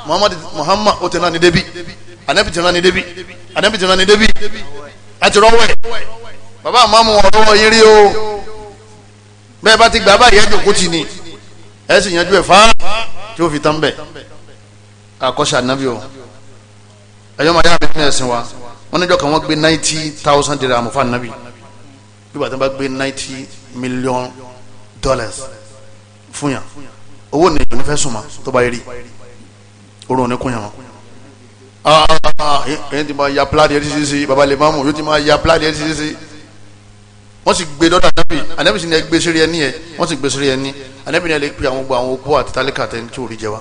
muhammad muhammad ó ti rán ni débi ànábì ti rán ni débi ànábì ti rán ni débi àti rọwọ́ ẹ̀ bàbá àmàmù ọ̀rọ̀ yín rí o bẹ́ẹ̀ bá ti gbà báyìí ẹ̀jọ̀ kó ti ni ẹ̀ sì yanjú ẹ̀ fáá tí ó fi tán bẹ̀ àkọ́ṣe ànábì o ẹ̀yọ́ máa yára nínú ẹ̀sìn wa wọ́n níjọ́ kan wọ́n gbé ninety thousand naira àmọ́ fún ànábì bíbá tó bá gbé ninety million dollars fún yàn owó nìyẹn ò ní fẹ́ sùn mọ́ tó bá rí orun ò ní kún yàn mọ́ ah, ah, ah, ẹ̀yìn ti máa ya píládì ẹ̀ ti ṣe ṣe babalẹ̀ máa yóò ti máa ya píládì ẹ̀ ti ṣe wọ́n sì gbé dọ́tà ànábì ànábì sì ní ẹgbẹ́ sórí ẹni yẹ wọ́n sì gbé sórí ẹni ànábì ní ẹ lè pe àwọn gbogbo àwọn opó àti tálíkà tẹ́ni tí ò rí jẹ wá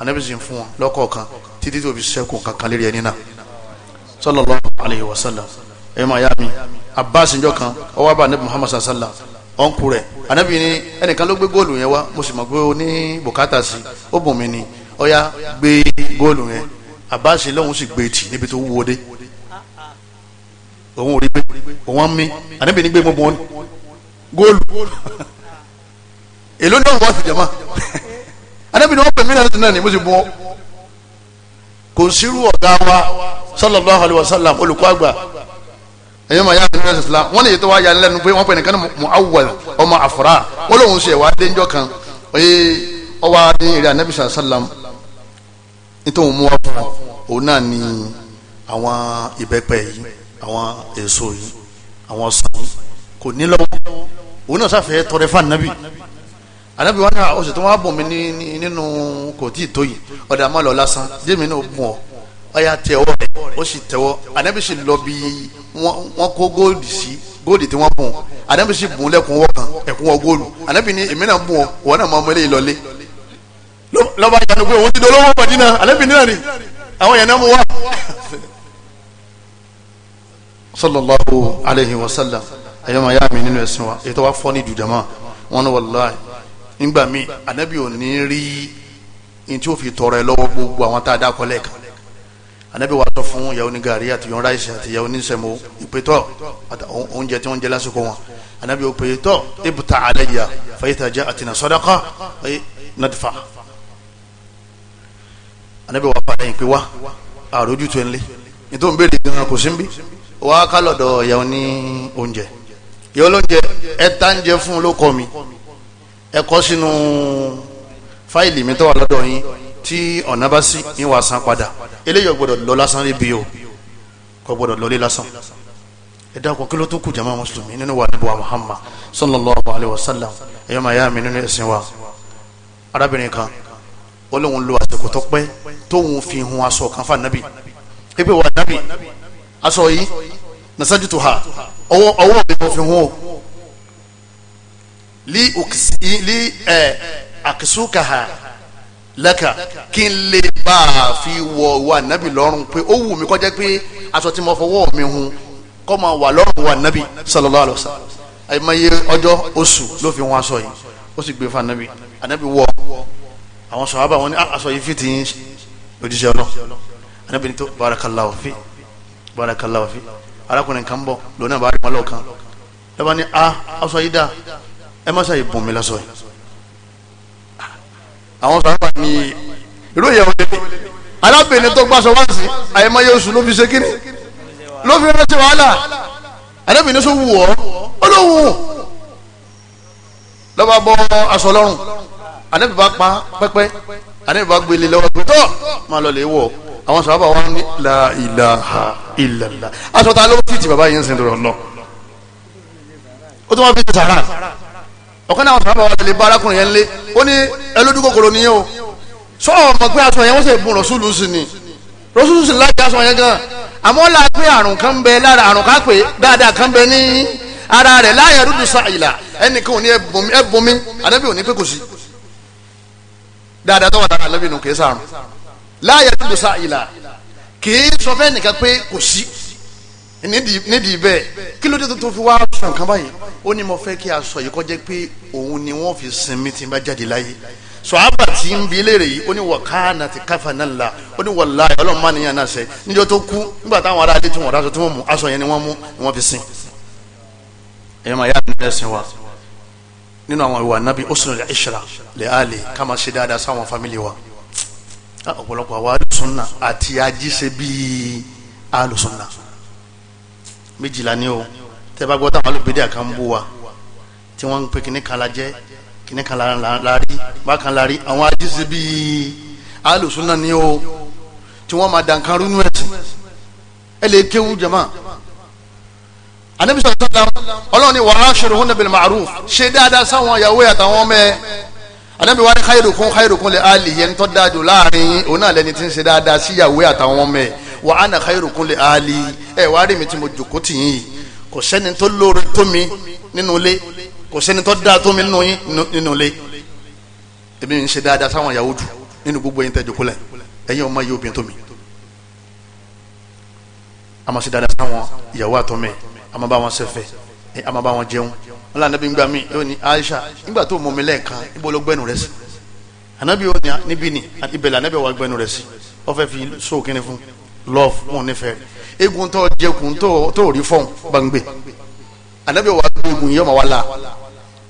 ànábì sì ń fún wọn lọ́kọ̀ọ̀kan títí tó fi sẹ́kù kankan lérí ẹni náà sallallahu alayhi wa sallam ẹ máa yá mi abbas njọ kan ọ wá bá anabi muhammad sallallahu ọ̀nkù rẹ̀ anabi ní ẹnìkan ló gbé góòlù yẹn wá mo sì mọ̀ pé ó bùkátà sí ó bùn mí ni ó yá òun ò rí gbé òun ń mí ànábì ní gbé mọ́ bọ́ọ̀lù góòlù èló ni wọ́n wá sí jama ànábì ní wọ́n pè mí náà nítorí náà ni mo sì bọ́ kò sírú ọ̀gá wa sallallahu alayhi wa sallam olùkọ́ àgbà ẹ̀yọ́ máa yá àti nínú ìsìlá wọ́n lè yẹ tó wá ya lẹ́nu pé wọ́n pè nìkan ní muawwal ọmọ àfúrá ó lóun ṣe ìwà déńjọ́ kan ọwọ́ adé ìrẹ́ ànábì sallam nítorí òun mú wa fún òun náà ní àwọn ìbẹ́pẹ yìí àwọn èso yìí àwọn ọsàn yìí kò ní lọ́wọ́ òun náà sáfẹ́ tọrẹ fún anabi anabi wa ní ah, oṣù tó wá bùn mí nínú kò tí ì tó yìí ọ̀dà má lọ lásán jẹ́mi náà bùn ọ́ ọ̀yà tẹ̀wọ́ rẹ̀ ó sì tẹ̀wọ́ anabi sì lọ bí wọ́n kó góòdì sí góòdì tí wọ́n bùn anabi sì bùn lẹ́kùn wọ́ kan ẹ̀kún wọ́ góòlù anabi ní èmi náà bùn ọ́ wọ́n náà máa mọ eléyìí lọ lé lọ́ba yanu pé òun ti dolówó Mádínà anabi náà ni àwọn yẹn náà sallallahu alayhi wa sallam ẹ̀yọ́ máa yá mi nínú ẹ̀sìn wa èyí tó wá fọ́ ní ìdùdàmọ́ wọn ní wàlláhì nígbà míì ànábì ò ní rí in tí ó fi tọrọ ẹ lọ́wọ́ gbogbo àwọn tá a dá kọ́lẹ̀ kan ànábì wa sọ fún ìyàwó ní gàrí àti yọ̀n ráìsì àti ìyàwó ní sẹ̀mó ìpètọ́ oúnjẹ tí wọ́n jẹ lásìkò wọn ànábì ó pètọ́ ibùtà àlẹ́yà fàyítàjà àtìnà sọ́dákà nàdìfà ànábì wa fà wà á ká lọ́dọ̀ ìyàwó ní oúnjẹ ìyàwó lóúnjẹ ẹ tá ń jẹ fún un ló kọ mi ẹ kọ sínú fáìlì mi tó wà lọ́dọ̀ yín tí ọ̀nà bá sí ní wàá san padà eléyìí gbọ́dọ̀ lọ lásán lébi o kò gbọ́dọ̀ lọlé lásán ẹ dákun kí tó kù jama mùsùlùmí nínú wa níbo Muhammad sallallahu alayhi wa sallam ẹ̀yọ́ màá yá mi nínú ẹ̀sìn wa arábìnrin kan ó lóun lo àsìkò tó pẹ́ tóun fi hun aṣọ kan fún anabi pípé wa anabi aṣọ yìí nasájú tó ha ọwọ́ ọwọ́ mi mo li hún o lí òkìsí lí ha lẹ́kà kí n lè bá a fi wọ ìwà nábì lọ́rùn pé ó wù mí kó pé aṣọ tí mo fọwọ́ mi hun kó máa wà lọ́rùn wa nábì sallallahu alaihi wasallam àìmọye ọjọ́ oṣù ló fi hun aṣọ yìí ó sì gbé fún anábì anábì wọ àwọn sọ̀rọ̀ àbá wọn ní ah, aṣọ yìí fi ti ń òjíṣẹ́ ọlọ́ anábì ní tó barakallahu fi barakallahu fi arákùnrin kan bọ̀ lónà bá rí mọ́lọ́ kan lọ́ba ní a aṣọ yìí dá ẹ má ṣàyè bùn mi lọ́sọ yìí àwọn sàrà ní irú ìyàwó lè ní arábìnrin tó gbàsọ wá sí àyèmáyé oṣù ló fi ṣe kíni ló fi rẹ́ sí wàhálà arábìnrin sọ wù ọ́ ó ló wù lọ́ba bọ́ aṣọ lọ́rùn anábìbá pa pẹ́pẹ́ anábìbá gbélé lọ́wọ́ gbé tọ́ máa lọ lè wọ̀ ọ́ àwọn sọ̀rọ̀ bá wọn ní la ilaha illallah aṣọ ta ló fi ti bàbá yẹn sin lọ lọ ó tún wọn fi ti sàrà ọ̀kan náà sọ̀rọ̀ bá wọn lè bá arákùnrin yẹn lé ó ní ẹlódúkòkòrò nìyẹn o sọ̀rọ̀ mọ̀ pé aṣọ yẹn wọ́n sì bùn rọ̀ṣúlù sí ni rọ̀ṣúlù sì láti aṣọ yẹn gan àmọ́ là pé àrùn kan bẹ lára àrùn ká pé dáadáa kan bẹ ní ara rẹ̀ láyà rúdù sàìlà ẹnìkan ò ní ẹbùnmi ẹbùnmi àdébí ò ní pé kò sí dáadáa láàyè tó sá ìlà kìí sọ fẹ́ nìkan pé kò sí nídìí bẹ́ẹ̀ kí ló dé tó fi wá sọ nǹkan báyìí ó ní mo fẹ́ kí a sọ yìí kọjá pé òun ni wọ́n fi sinmi tí n bá jáde láyé sọ̀hábà tí ń bi léèrè yìí ó ní wọ̀kánà ti káfà náà la ó ní wọ̀lá ọlọ́run má nìyàn náà sẹ́ níjọ́ tó kú nígbà táwọn ará ilé tí wọ́n raṣọ tí wọ́n mú aṣọ yẹn ni wọ́n mú ni wọ́n fi sin ẹ̀yọ́ máa yá ní ẹ̀sìn wa nínú àwọn ìwà nábì ó sùn lè ṣẹlá lè ká máa ṣe dáadáa sáwọn fámìlì wa Ah, ọ̀pọ̀lọpọ̀ àwọn alùsùnà àti ajíṣe bíi alùsùnà méjìlá ni o tẹ́ bá gbọ́ táwọn olùgbèdè àkàn ń bú wa tí wọ́n ń pe kìnnì kan la jẹ́ kan la bákan la àwọn ajíṣe bíi alùsùnà ni o tí wọ́n máa dàn kan rúnú ẹ̀sìn ẹ lè kéwú jama anabi sọ̀rọ̀ sọ̀rọ̀ ọlọ́run ni wàá ṣòro hún nàbẹ̀lẹ̀ màrúf ṣe dáadáa sáwọn ìyàwó àtàwọn ọmọ ẹ̀ anabi wa ni khairukum khairukum le ali yen tó dáa jù láàrin yín òun náà lẹni tí ń ṣe dáadáa síyàwó àtàwọn ọmọ wa ana khairukum li alihi ẹ wàá rí mi tí mo jòkó tì yín kò sẹ́ni tó lóore tó mi nínú ilé kò sẹ́ni tó dáa tó mi nínú yín nínú ilé èmi ń ṣe dáadáa sáwọn ìyàwó jù nínú gbogbo yín tẹ́ jòkó lẹ̀ ẹ̀yin ọmọ yìí obìnrin tó mi àmọ́ ṣe dáadáa sáwọn ìyàwó àtọ́mẹ́ wọn ṣẹ̀fẹ̀ àmọ́ bá wọn jẹun wọn lànà bí ń gbà mí yóò ní Aisha nígbà tó mọ mi lẹ́ẹ̀kan níbo ló gbẹ́nu rẹ̀ sí ànábì yóò ní níbí ni ibẹ̀ lànà bí wà gbẹ́nu rẹ̀ sí wọ́n fẹ́ fi sóò kíni fún love wọn nífẹ̀ẹ́ egun tó jẹkun tó rí fọ́n gbàngbé ànábì wà gbé egun yóò máa wà la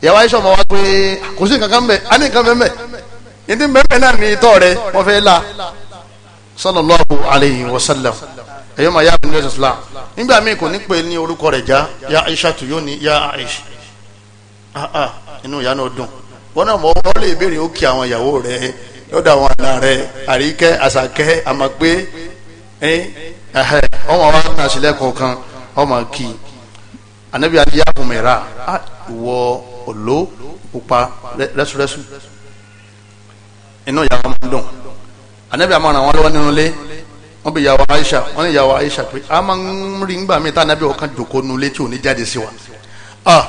ìyàwó Aisha máa wà pé kò sí nǹkan kan bẹ́ẹ̀ á ní nǹkan bẹ́ẹ̀ mẹ́ẹ̀ náà ní itọ́ rẹ wọ́n fẹ́ la sallallahu alayhi wa sallam ẹ̀yọ́ máa yá àbúrò ẹ̀sìn islam nígbà míì kò ní pè ní orúkọ rẹ̀ já ya aisha tu yóò ní ya aisha Ah, ah, inú ìyá náà dùn wọn náà mọ ọ lè béèrè ó kí àwọn ìyàwó rẹ lọ́dọ̀ àwọn àna rẹ àríkẹ́ àṣàkẹ́ àmàgbé ọmọ wa náà sílẹ̀ kọ̀ọ̀kan ọmọ kì í anabi aliya humera wọ òló pupa rẹ́sùrẹ́sù inú ìyá wọn dùn anabi amọ̀ràn wọn lọ́wọ́ nínú ilé wọ́n bí ìyàwó Aisha wọ́n ní ìyàwó Aisha pé a máa ń rí ngbà mí tá anabi ọkàn jòkó nulẹ̀ tí ò ní jáde sí wa. Ah,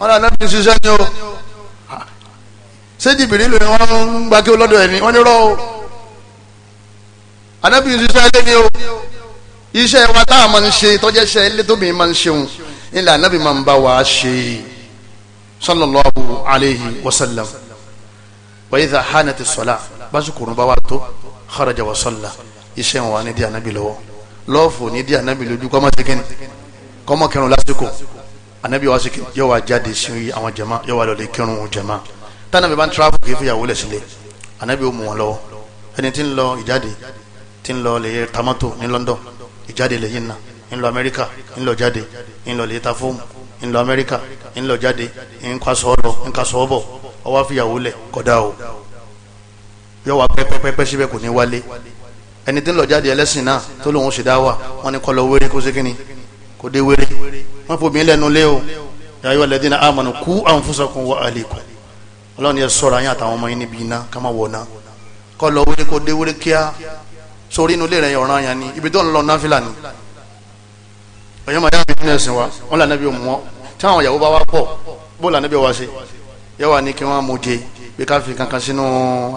wọn náà nàbí ṣiṣẹ́ ni o ṣé jìbìrì lóye wọn ń gba kí olódò ẹ̀ ní wọn ní rọ o ànábì ṣiṣẹ́ ilé ni o iṣẹ́ wa tá a máa ń ṣe tọ́jẹ́ ṣe ilé tóbi máa ń ṣeun ilẹ̀ ànábì máa ń bá wa ṣe sallallahu alayhi wa sallam wa idha hanati sọlá báṣukùrún bá wa tó kharaja wa salla iṣẹ́ wa ní di ànábì lọ́wọ́ lọ́ọ̀fù ní di ànábì lójú kọ́mọ́ ṣe kíni kọ́mọ́ lásìkò anabi wa sike yóò wá jáde sí i àwọn jama yóò wá lọlé kírun jama tánàbí bá ń tíráfù kì í fi ìyàwó lẹ̀ sílẹ̀ anabi ó mú wọn lọ́wọ́ ẹni tí ń lọ ìjáde tí tamato ní London ìjáde lẹ́yìn náà ń lọ Amẹ́ríkà ń lọ jáde ń lọ lè ta fóòmù ń lọ Amẹ́ríkà ń lọ jáde ń kaso lọ ń kaso bọ̀ ọwọ́ fi ìyàwó lẹ̀ kódà o yóò wá pẹ́pẹ́pẹ́ síbẹ̀ kò ní wálé ẹni tí ń lọ jáde ẹlẹ́sìn náà tó lóun ṣe dá wà wọ́n ní kọ́ lọ wéré kó kò dé wéré wọ́n fò mí lẹ́nu lé o ya ayyuhal ladhina amanu qu anfusakum wa ahlikum ọlọ́run yẹ sọ̀rọ̀ ayé àtàwọn ọmọ yín níbi iná ká má wọ̀ ná kọ́ lọ wéré kò dé wéré kíá sórí inú ilé rẹ̀ ọ̀ràn àyàn ni ibi tó ń lọ náfìlà ni ọ̀yọ́ màá yá mi nínú ẹ̀sìn wa wọ́n là níbi òmùwọ́n tí àwọn ìyàwó bá wá pọ̀ bó là níbi ọ̀wá ṣe yẹ wà kí wọ́n mú je bí ká fi kankan sínú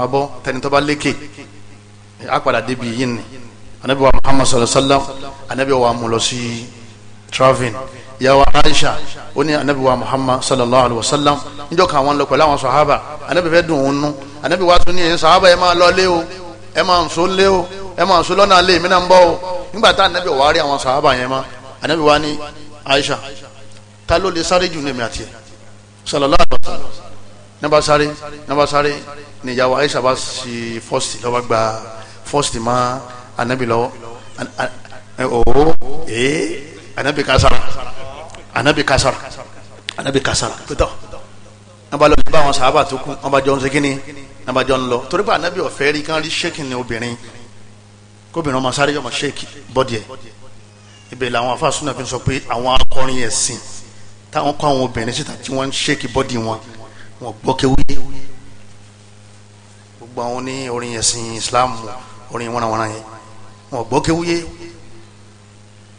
abọ́ tẹni tó bá lékè á padà débi yìí ni ànábì wa sallallahu alaihi wa sallam ànábì wa mú lọ sí traveling ìyàwó aisha ó ní anabi wa muhammad sallallahu alaihi wa sallam níjọ́ kan àwọn lọ pẹ̀lú àwọn sahaba anabi fẹ́ dùn òun nú anabi wa tún ní ẹ̀yin sahaba ẹ̀ máa lọ lé o ẹ̀ máa ń so lé o ẹ̀ máa ń so lọ́nà lé mi náà ń bọ̀ o nígbà tá anabi wà á rí àwọn sahaba yẹn mọ́ anabi wa ní aisha ta ló lè sáré jù ní mi àti ẹ̀ sallallahu alaihi wa nàbà sáré nàbà sáré ní ìyàwó aisha bá ṣe fọ́ọ̀sì lọ́wọ́ gba fọ́ọ̀sì má anabi lọ́wọ́ ọ̀hún ẹ̀ẹ́ anabi kasara anabi kasara anabi kasara pétọ́ wọ́n bá lọ sí báwọn sàábà tó kú wọ́n bá jọ ń ṣe kíni wọ́n bá jọ ń lọ torí pé anabi ọ̀fẹ́ rí kán rí ṣéèkì ní obìnrin kóbìnrin ọmọ sáré ọmọ ṣéèkì bọ́dì ẹ̀ ibẹ̀ làwọn afásúnà fi sọ pé àwọn akọrin ẹ̀sìn táwọn kọ́ àwọn obìnrin síta tí wọ́n ń ṣéèkì bọ́dì wọn wọn gbọ́ kéwúyé gbogbo àwọn ní orin ẹ̀sìn Islam orin wọnàwọnà yẹn wọn gbọ́ kéwúyé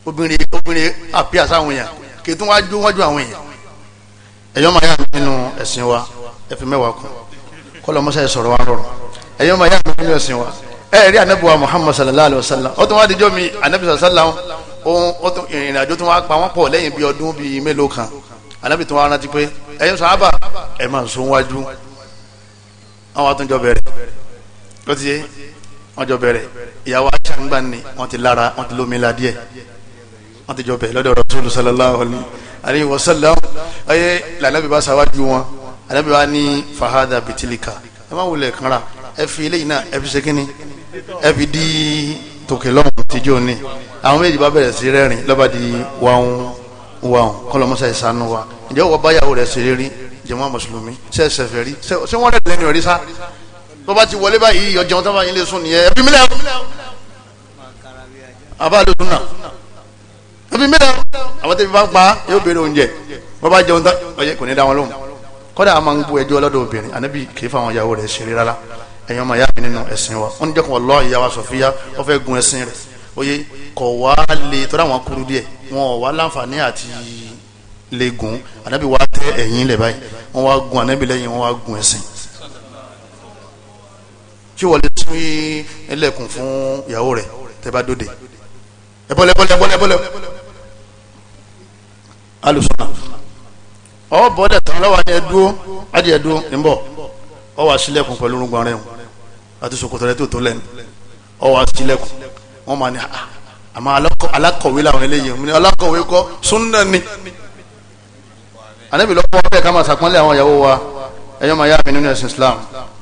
obìnrin obìnrin àpí àsáwọn èèyàn kìtún wá jó wájú àwọn èèyàn ẹ̀yọ́ máa yá nínú ẹ̀sìn wa ẹ̀fìn mẹ́wàá kù kọ́lọ̀ mọ́sá ẹ̀ sọ̀rọ̀ wa rọrùn ẹ̀yọ́ máa yá nínú ẹ̀sìn wa ẹ̀ rí anábìwá Muhammad sallallahu alayhi wa sallam ó tún wá dijọ́ mi anábì sallallahu ohun ó tún ìrìn àjò tún wá pa wọ́n pọ̀ lẹ́yìn bíi ọdún bíi mélòó kan anábì tún wá rántí pé ẹ̀yin sàhábà ẹ̀ máa sún wájú àwọn àtúnjọ bẹ̀rẹ̀ lọ́tí wọ́n jọ bẹ̀rẹ̀ ìyàwó aṣáǹgbá ni wọ́n ti lára wọ́n ti lómi la wọ́n ti jọ bẹ̀ lọ́dọ̀ Rasul sallallahu alayhi wa sallam ayé lànàbí bá ṣáwájú wọn ànàbí bá ní fahadà bitilika ẹ má wulẹ̀ kanra ẹ fi eléyìí náà ẹ fi ṣe kínní ẹ fi di tòkè lọ́hùn tíjọ́ ni àwọn méjì bá bẹ̀rẹ̀ sí rẹ́rìn lọ́ba di wàhùn wàhùn kọ́lọ́mọ́sá ìsánú wa ǹjẹ́ wọ́n báyàwó rẹ̀ ṣe rírí jàmá mùsùlùmí ṣe ṣẹ̀fẹ̀ rí ṣe wọ́n rẹ̀ lẹ́nu rí sá tó bá ti wọlé báyìí ọjọ́ tó bá àbá lóṣù náà ebi mi dàn àwọn tẹ́bi bá ń pa yóò béèrè oúnjẹ wọ́n bá jẹun tán ọ̀yẹ́ kò ní dá wọn lóhùn kọ́dà a máa ń bú ẹjọ́ ọlọ́dọ̀ obìnrin ànábì kì í fa àwọn ìyàwó rẹ̀ ṣeré rárá ẹ̀yin ọmọ ìyá mi nínú ẹ̀sìn wa wọ́n ní jẹ́kun ọlọ́ ìyá wa sọ̀fíà wọ́n fẹ́ gun ẹ̀sìn rẹ̀ oyè kọ̀ wá lè tọ́ra àwọn kuru díẹ̀ wọn ò wá láǹfààní àti lè gun ànábì wa tẹ ẹ̀yìn lẹ̀ báyìí wọ́n wá gun ànábì lẹ́yìn wọ́n wá gun ẹ̀sìn tí wọ́n lè tún ẹlẹ́kùn fún ìyàwó rẹ̀ tẹ́ bá dóde ẹ̀bọ́lẹ́bọ́lẹ́bọ́lẹ́bọ́lẹ́ alùsùnà ọ bọ́ dẹ̀ tán lọ́wọ́ adìẹ dúró adìẹ dúró ń bọ̀ ọ wà sílẹ̀kùn pẹ̀lú orúngbọ̀n rẹ̀ àti ṣòkòtò rẹ̀ tó tó lẹ́nu ọ wà sílẹ̀kùn wọ́n máa ní ah, ah, àmọ́ alákọ̀wé làwọn eléyìí ní alákọ̀wé kọ́ súnà ni ànábì lọ́pọ̀ ọ̀bẹ ká máa sàpọ́nlé àwọn ìyàwó wa ẹ̀yọ́ máa yá mi nínú ẹ̀sìn Islam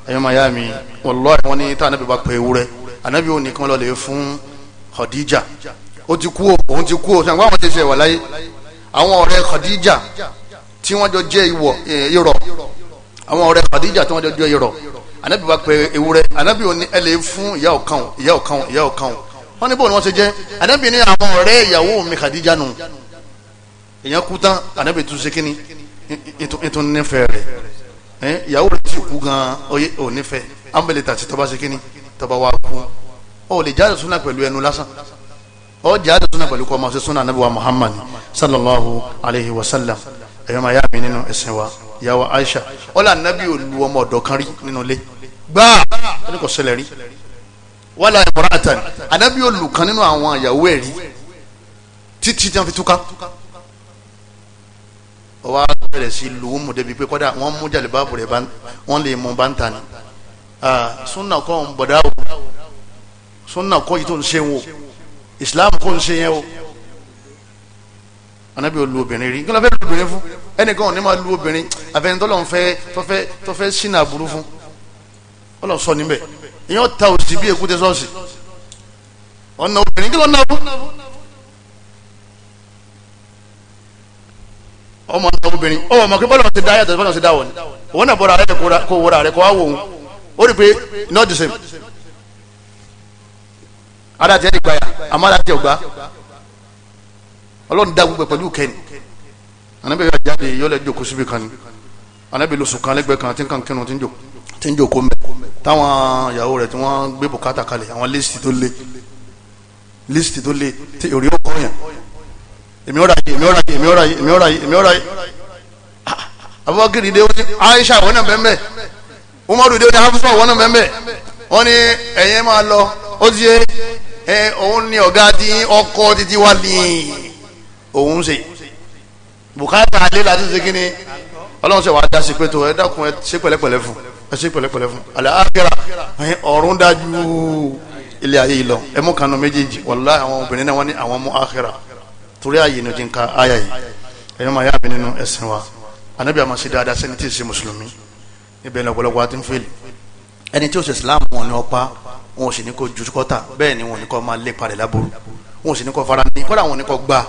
ẹ̀yọ́ máa yá mi wallahi wọn ní tá ànábì bá pè ewúrẹ́ ànábì ò nìkan lọ lè fún Khadija ó ti kú òun ti kú òun ṣàǹgbọ́n àwọn ti ṣe wà láyé àwọn ọ̀rẹ́ Khadija tí wọ́n jọ jẹ́ ìwọ̀ ìrọ̀ àwọn ọ̀rẹ́ Khadija tí wọ́n jọ jẹ́ ìrọ̀ anabi wa pe ewúrẹ́ anabi ò ní ẹ lè fún ìyá ọ̀kan ìyá ọ̀kan ìyá ọ̀kan wọ́n ní bó ni wọ́n ṣe jẹ́ anabi ní àwọn ọ̀rẹ́ ìyàwó mi Khadija nù èèyàn kú tán anabi tún ṣe kínní ìtún nífẹ̀ẹ́ rẹ̀ ìyàwó rẹ̀ sì kú gan ò nífẹ̀ẹ́ ambulance tàbí tọ́ba ṣe kínní tọ́ba wa kú ọ̀ lè jáde súnà pẹ̀lú ẹnu lásán ọ jẹ́ àdùn súnà pẹ̀lú kọ́ ọmọ ṣe súnà ànábì wa Muhammad sallallahu alayhi wa sallam ẹ̀yọ́ máa yá mi nínú ẹ̀sìn wa ìyàwó Aisha ọ̀là ànábì ò lu ọmọ ọ̀dọ̀ kan rí nínú ilé gbáà ẹni kò rí wàlá ìmọ̀ràn àtàn ànábì ò kan nínú àwọn ìyàwó ẹ̀ títí tí wọ́n fi túká ọwọ́ bẹ̀rẹ̀ sí lùú mú débi pé kọ́dà wọ́n mú jàlè báàbò rẹ̀ wọ́n lè mú bá ni ah, sunna kọ́ ń bọ̀dá o sunna kọ́ yìí tó ń ṣe ń wò islam kò ń ṣe yẹn o anabi ò lu obìnrin rí nígbà fẹ́ lu obìnrin fún ẹnìkan ò ní máa lu obìnrin àfẹnitọ́lọ́ ń fẹ́ tọ́fẹ́ tọ́fẹ́ sínú àbúrú fún ọlọ́ sọ níbẹ̀ ìyẹn ta òsì bí èkúté sọ́ọ̀sì ọ̀nà obìnrin kí ló ná fún ọmọ ọ̀nà obìnrin ọmọ ọmọ kí bọ́lá ti dá yàtọ̀ bọ́lá ti dá wọ̀ ni òun náà bọ́ra rẹ kó wọ́ra rẹ kó wá wò ó rí pé not the same ara tiẹ̀ nìgbà yà àmọ́ ara tiẹ̀ ọ̀gbà ọlọ́run dá gbogbo pẹ̀lú kẹ́ni ànábẹ́ yóò jáde yóò lẹ́ jókòó síbi kan ni ànábẹ́ lóṣù kan lẹ́gbẹ̀ẹ́ kan tí ń kàn kírun tí ń jókòó mẹ́ táwọn ìyàwó rẹ̀ tí wọ́n gbé bùkátà kalẹ̀ àwọn lísìtì tó le lísìtì tó le tí èrè ó kọ́ èmi ọ̀rà yìí èmi ọ̀rà yìí èmi ọ̀rà yìí èmi ọ̀rà yìí èmi ọ̀rà yìí abubakar de wọ́n ní aisha wọ́n náà bẹ́ẹ̀ umaru de wọ́n ní hafiza wọ́n náà bẹ́ẹ̀ wọ́n ní ẹ̀yin máa lọ ó ti yé ẹ òun ni ọ̀gá tí ọkọ títí wá ní òun ṣe bùkátà alẹ́ láti ṣe kíni ọlọ́run ṣe wàá da sí pé tó ẹ dákun ẹ ṣe pẹ̀lẹ́pẹ̀lẹ́ fún ẹ ṣe pẹ̀lẹ́pẹ̀lẹ́ fún àlẹ́ àkẹ́rà ọ̀run dájú ilé ayé yìí lọ ẹ mú kanu méjèèjì wàlá àwọn obìnrin náà wọ́n ní àwọn mú àkẹ́rà torí ààyè ni o ti ń ka àyà yìí ẹ̀yọ́ máa yá mi nínú ẹ̀sìn wa anábìàmọ̀ sí dáadáa sẹ́ni tí ì ṣe mùsùlùmí ibẹ̀ ẹni tí ó ṣe islam wọn ni ọpa wọn ò sì ní kó ju kọ́ta bẹ́ẹ̀ ni wọn ò ní kó máa lé parẹ̀ láburú wọn ò sì ní kó fara ní kọ́dà wọn ò ní kó gbà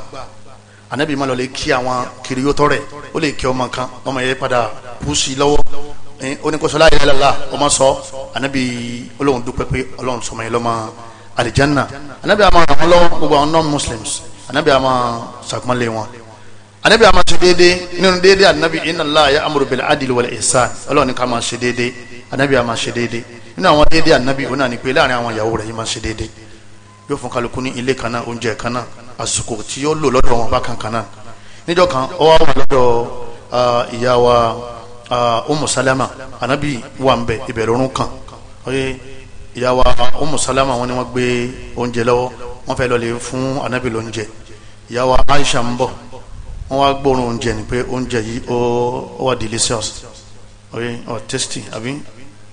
anabi ma lọ lè kí àwọn kiriyótọ́ rẹ̀ ó lè kí ọmọ kan ọmọ yẹn padà kú sí lọ́wọ́ ó la ọmọ sọ anabi olóhùn dúpẹ́ pé ọlọ́run sọmọ yẹn lọ́mọ alijanna anabi àmọ́ àwọn lọ́wọ́ gbogbo àwọn non-muslims anabi àmọ́ sàkúmọ́lé wọn anabi àmọ́ ṣe déédéé nínú déédéé anabi inna Allah ya'muru bil adli wal ihsan ọlọ́run ní ká máa ṣe déédéé anabi àmà ṣe déédé nínú àwọn déédé anabi òun náà ni pé láàrin àwọn ìyàwó rẹ̀ yìí máa ṣe déédé yóò fún kálukú ní ilé kan oúnjẹ kan àsìkò tí yóò lò lọ́dọ̀ wọn bákan kan náà kan ó wá wà lọ́dọ̀ ìyá wa umu salama anabi wà ń bẹ ibẹ̀ lórun kan ìyá wa umu salama wọn ni wọ́n gbé oúnjẹ lọ́wọ́ wọ́n fẹ́ lọ lè fún anabi lóúnjẹ ìyá wa aisha ń bọ̀ wọ́n wá gbóòórùn oúnjẹ ni pé oúnjẹ yìí ó wà delicious ọ̀rẹ́ ọ̀ tẹ́sítì àbí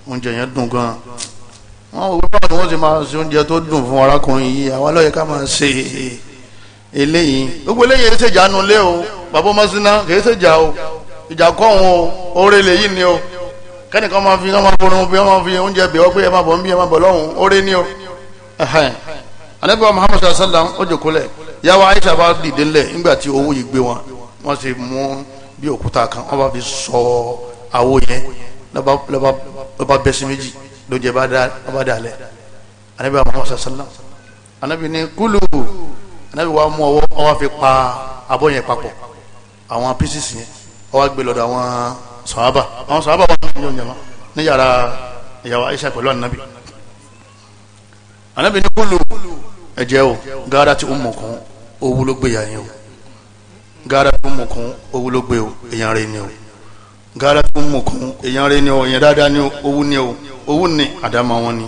oúnjẹ yẹn dùn gan-an wọ́n wọ́n báwo wọ́n ti máa ṣe oúnjẹ tó dùn fún arákùnrin yìí àwa ló ká máa ṣe eléyìí gbogbo o bàbá masina o ìjà kọ́ òun o oore lèyí ni o kẹ́nìkan máa fi wọ́n máa borun bí wọ́n fi oúnjẹ bẹ̀ ọ́ pé ẹ máa bọ̀ ń bí ẹ máa bọ̀ lọ́hùn oore ni o anabi wa sallam ó aisha bá dìde ńlẹ̀ nígbà tí owó yìí gbé wọn wọ́n sì mú bí kan wọ́n bá fi sọ àwo yẹn lọ́ba bẹ́sí méjì ló jẹ́ bá dà lẹ̀ anabi wa muhammad sallam anabi ni kulu anabi wa mu ọwọ́ ọwọ́ fi pa abọ́ yẹn papọ̀ àwọn pieces yẹn ọwọ́ gbé lọ́dọ̀ àwọn sọ̀hábà àwọn sọ̀hábà wà nínú ìjọba ní yàrá ìyàwó aisha pẹ̀lú anabi anabi ni kulu ẹ̀jẹ̀ o gaara ti umu kun owó o gaara ti umu kun o èèyàn ni o gara tó mú kún èèyàn rẹ ni o èèyàn dáadáa ni o owó ni o owó ni àdámà wọn ni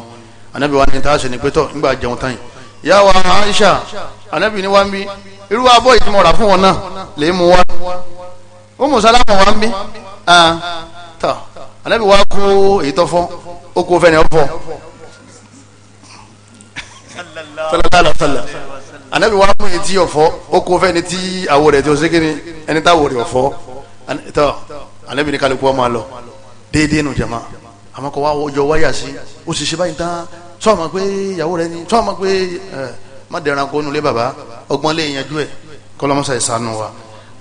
anabi wa ni ta ṣe ni pé tọ nígbà jẹun tán yìí ìyá wa Aisha anabi ni wa ń bí irú abọ́ yìí tí mo fún wọn náà lè mú wa ó mú sálámù wa ń bí tọ anabi wa kó èyí tó fọ ó kó fẹ́ni ó fọ sallallahu alaihi wa mú èyí tí ó fọ ó kó tí àwọ̀ rẹ̀ tí ó ṣe kí ni ẹni táwọ̀ rẹ̀ ó fọ alẹ́ bìnrin kálukú ọmọ lọ déédéé nù jama àmọ́ kọ́ wa yọ wáyà sí ó sì ṣe báyìí tán sọ ma pé ìyàwó rẹ ni sọ ma pé ẹ má dẹran kó nulẹ̀ bàbá ọgbọ́n lè yanjú ẹ̀ kọ́lọ́mọ́sá ìsànù wa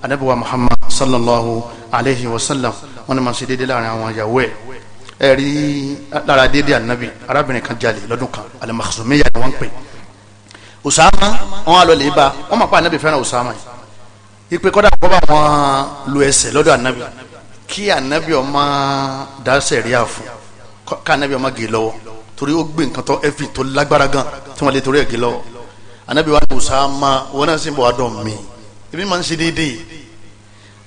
anabiwa muhammad sallallahu alayhi wa sallam wọn ni ma ṣe déédéé láàrin àwọn ìyàwó ẹ̀ ẹ rí lára déédéé anabi arábìnrin kan jalè lọ́dún kan alimaxumiya ni wọ́n ń pè usama wọn alọ lè ba wọn ma pa anabi fẹ́ràn usama yìí ipe kọ́dà kọ́ bá wọn lu ẹsẹ̀ lọ́dọ̀ anabi kí ànábì ọmọ dáṣẹ rí àfún ká ànábì ọmọ gè lọ́wọ́ torí ó gbé nǹkan tó ẹfì tó lágbára gan tí wọn lè torí ẹ gè lọ́wọ́ ànábì wa ní Usama wọn náà sì ń bọ adọ mi èmi máa ń ṣe déédéé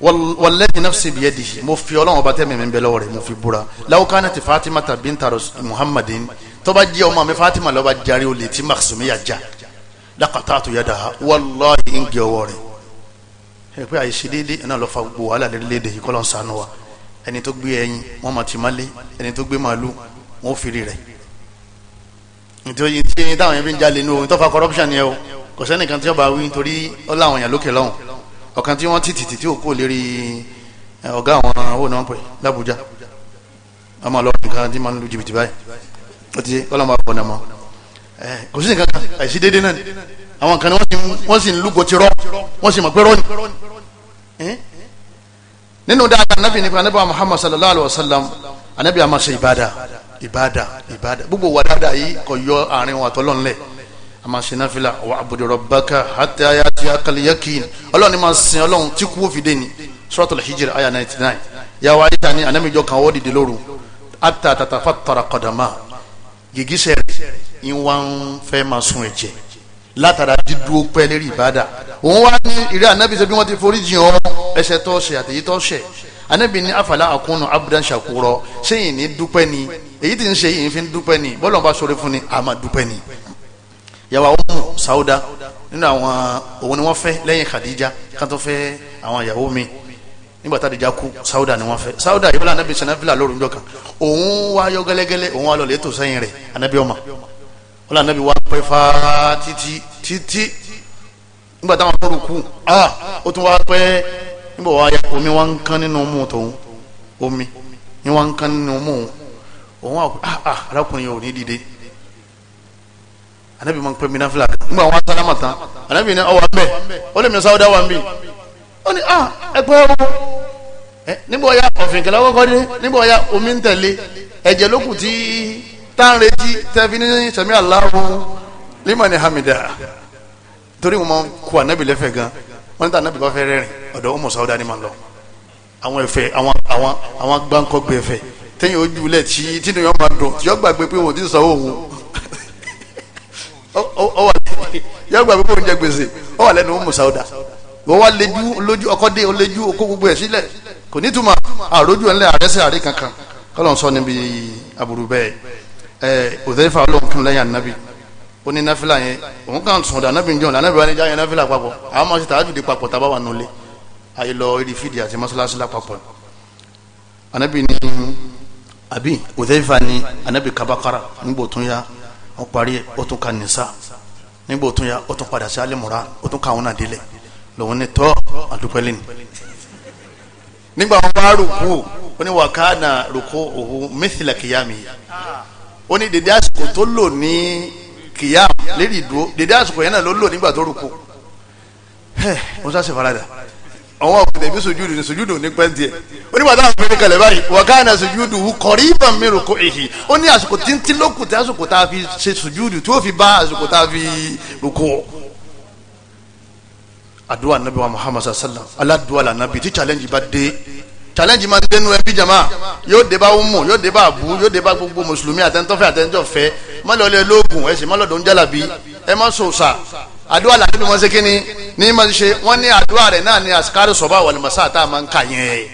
wallahi nafsi biyadihi mo fi Ọlọ́run ọba tẹmí mi bẹ lọ́wọ́ rẹ̀ mo fi búra law kanat Fatima binta Muhammadin tó bá jẹ́ ọmọ mi Fatima ló bá jàre olè tí Maksumi yà já laqata'tu yadaha wallahi ń gé ọwọ́ rẹ̀ ẹ pé àìsí déédé ẹ náà lọ fa gbogbo wàhálà lédè yìí kọ́lọ́ sànù wa ẹni tó gbé ẹyin wọn mà ti má lé ẹni tó gbé màálù wọn ò fìrí rẹ nítorí tí ẹyin táwọn yẹn ń jalè ní ohun tó fa corruption yẹn o kò sẹ́nìkan tí ó bá wí nítorí ó láwọn èèyàn lókè lọ́hùn ọ̀kan tí wọ́n títì títí òkú lérí ọ̀gá àwọn owó náà pè lábújá ọmọ ọlọ́run nǹkan tí máa ń lu jìbìtì báyìí ó ti kọ́lọ́ àwọn kan wọ́n sì ń lúgọ ti rọ́ wọ́n sì mọ̀ pé rọ́ nínú dáadáa anabi nípa anabi muhammad sallallahu alaihi wa sallam anabi a máa ṣe ìbádà ìbádà ìbádà gbogbo wa dáadáa yìí kò yọ àárín wa tọ́lọ́n lẹ̀ a máa ṣe náfìlà wa abudu rabbaka hatta yati akal yakin ni máa sin ọlọ́run tí kú òfìdé ni suratul hijr aya ninety nine yàwó ayíta ni anabi jọ kan wọ́n dìde lóru ata tatafa tara kọ̀dàmà gègésẹ̀ rẹ̀ ìwà fẹ́ máa sun ẹ̀jẹ̀ látara dídúró pẹ́ lérí ìbádà òun wá ní ìrẹ́ ànábì ṣe bí wọ́n ti forí jìn ọ́ ẹ̀ṣẹ̀ tó ṣe àtẹ̀yí tó ṣe ànábì ní àfàlà àkúnnù abdan ṣàkúrọ ṣéyìn ní dúpẹ́ ni èyí tí ń ṣe yìí fi ń dúpẹ́ ni bọ́lọ̀ bá sọ̀rọ̀ fún ni àmà dúpẹ́ ni. yàwá ọmọ Sauda nínú àwọn òun ni wọ́n fẹ́ lẹ́yìn Khadija kan tó fẹ́ àwọn ìyàwó mi nígbà tá a dìjà kú Sauda ni wọ́n fẹ́ Sauda yìí bọ́lá ànábì sẹ́nẹ́fìlà lóru ńjọ kan òun wá yọ gẹ́lẹ́gẹ́lẹ́ òun wá lọ wọn là nàbí wà pẹ́ fà títí títí nígbà táwọn fọ́ọ̀rù kù ah ó tún wà pẹ́ nígbà wà ya omi wà ń kán nínú mú tòun omi ni wà ń kán nínú mú òun ah ah arákùnrin yóò ní dìde anabi máa ń pẹ́ mi náà fìlà nígbà wọn sálámà tán anabi ní ọwọ́ abẹ́ ó lè mi sáwọ́ dá wà ń ó ní ah ẹ pẹ́ o nígbà wà ya ọ̀fìn kẹlẹ́ ọkọ̀ dé nígbà wà ya omi ń tẹ̀lé ẹ̀jẹ̀ lókù tí táà ń retí tẹ́fí ní sami Allahu limani hamida torí wọn máa ń kó anabi lẹ́fẹ̀ẹ́ gan wọn ní tà anabi bá fẹ́ rẹ́rìn ọ̀dọ̀ ọmọ sáwọ́dà ni máa ń lọ àwọn ẹ̀fẹ̀ àwọn àwọn àwọn gbáǹkọ́gbé ẹ̀fẹ̀ tẹ́yìn ojú ilẹ̀ tí tínú yọ máa dùn tí yọ gbàgbé pé wọn ò tí ì sanwó òun yọ gbàgbé pé òun jẹ gbèsè ọ wà lẹ́nu ọmọ sáwọ́dà wọ́n wá lójú lójú ọkọ́ dé lójú okó gbogbo ẹ̀ sílẹ̀ kò ní túmọ̀ àrójú ẹ̀ ńlẹ̀ àrẹ́sẹ̀ àrẹ́ kankan kọ́lọ́ sọ níbi aburú bẹ́ẹ̀ òdẹ́fà ọlọ́run kí n lẹ́yìn ànábì ó ní náfìlà yẹn òun kàn sùn ọ̀dà ànábì jọ̀ọ́n ànábì wa ní jáyẹn náfìlà papọ̀ àwọn máa ṣe tààjùdì papọ̀ tábà wà nulẹ̀ ayé lọ eré fìdí àti mọ́ṣáláṣí lápapọ̀ ànábì ní àbí òdẹ́fà ní ànábì kabakara nígbò tún ya ó parí ẹ̀ ó tún ka nìsa nígbò tún ya ó tún padà sí alimura ó tún ka àwọn àdélẹ̀ lòun ní tọ́ àdúpẹ́lẹ́ ni nígbà wọn bá rò ó ní dédé àsìkò tó lò ní kìyàm lérí ìdúró dédé àsìkò yẹn náà ló lò nígbà tó rúkú mo sá sí farada àwọn ọ̀pẹ̀lẹ̀ bí sojúdù ní sojúdù ní pẹ́ntì ẹ̀ onígbà táwọn fẹ́rẹ́ kalẹ̀ báyìí wàkánà sojúdù qariban min ruku'ihi ó ní àsìkò títí lókù tí àsìkò tá a fi ṣe sojúdù tí ó fi bá àsìkò tá a fi rúkú. àdúrà nàbí wa muhammad sallam aládùúgbò àlànàbí tí challenge bá dé challenge máa dénú ẹbí jama yóò deba bá umu yóò dé abu yóò deba bá gbogbo mùsùlùmí àtẹnitọ́fẹ́ àtẹnitọ́fẹ́ má lọ lé lóògùn ẹ sì má lọ dọ̀ ń jálàbí ẹ má sọ òòsà àdúrà làdúrà wọn ṣe kínní ní ma ṣe wọn ní àdúrà rẹ náà ní àsìkárì sọ̀bà wàlùmọ̀sá tá a máa ń kà yẹn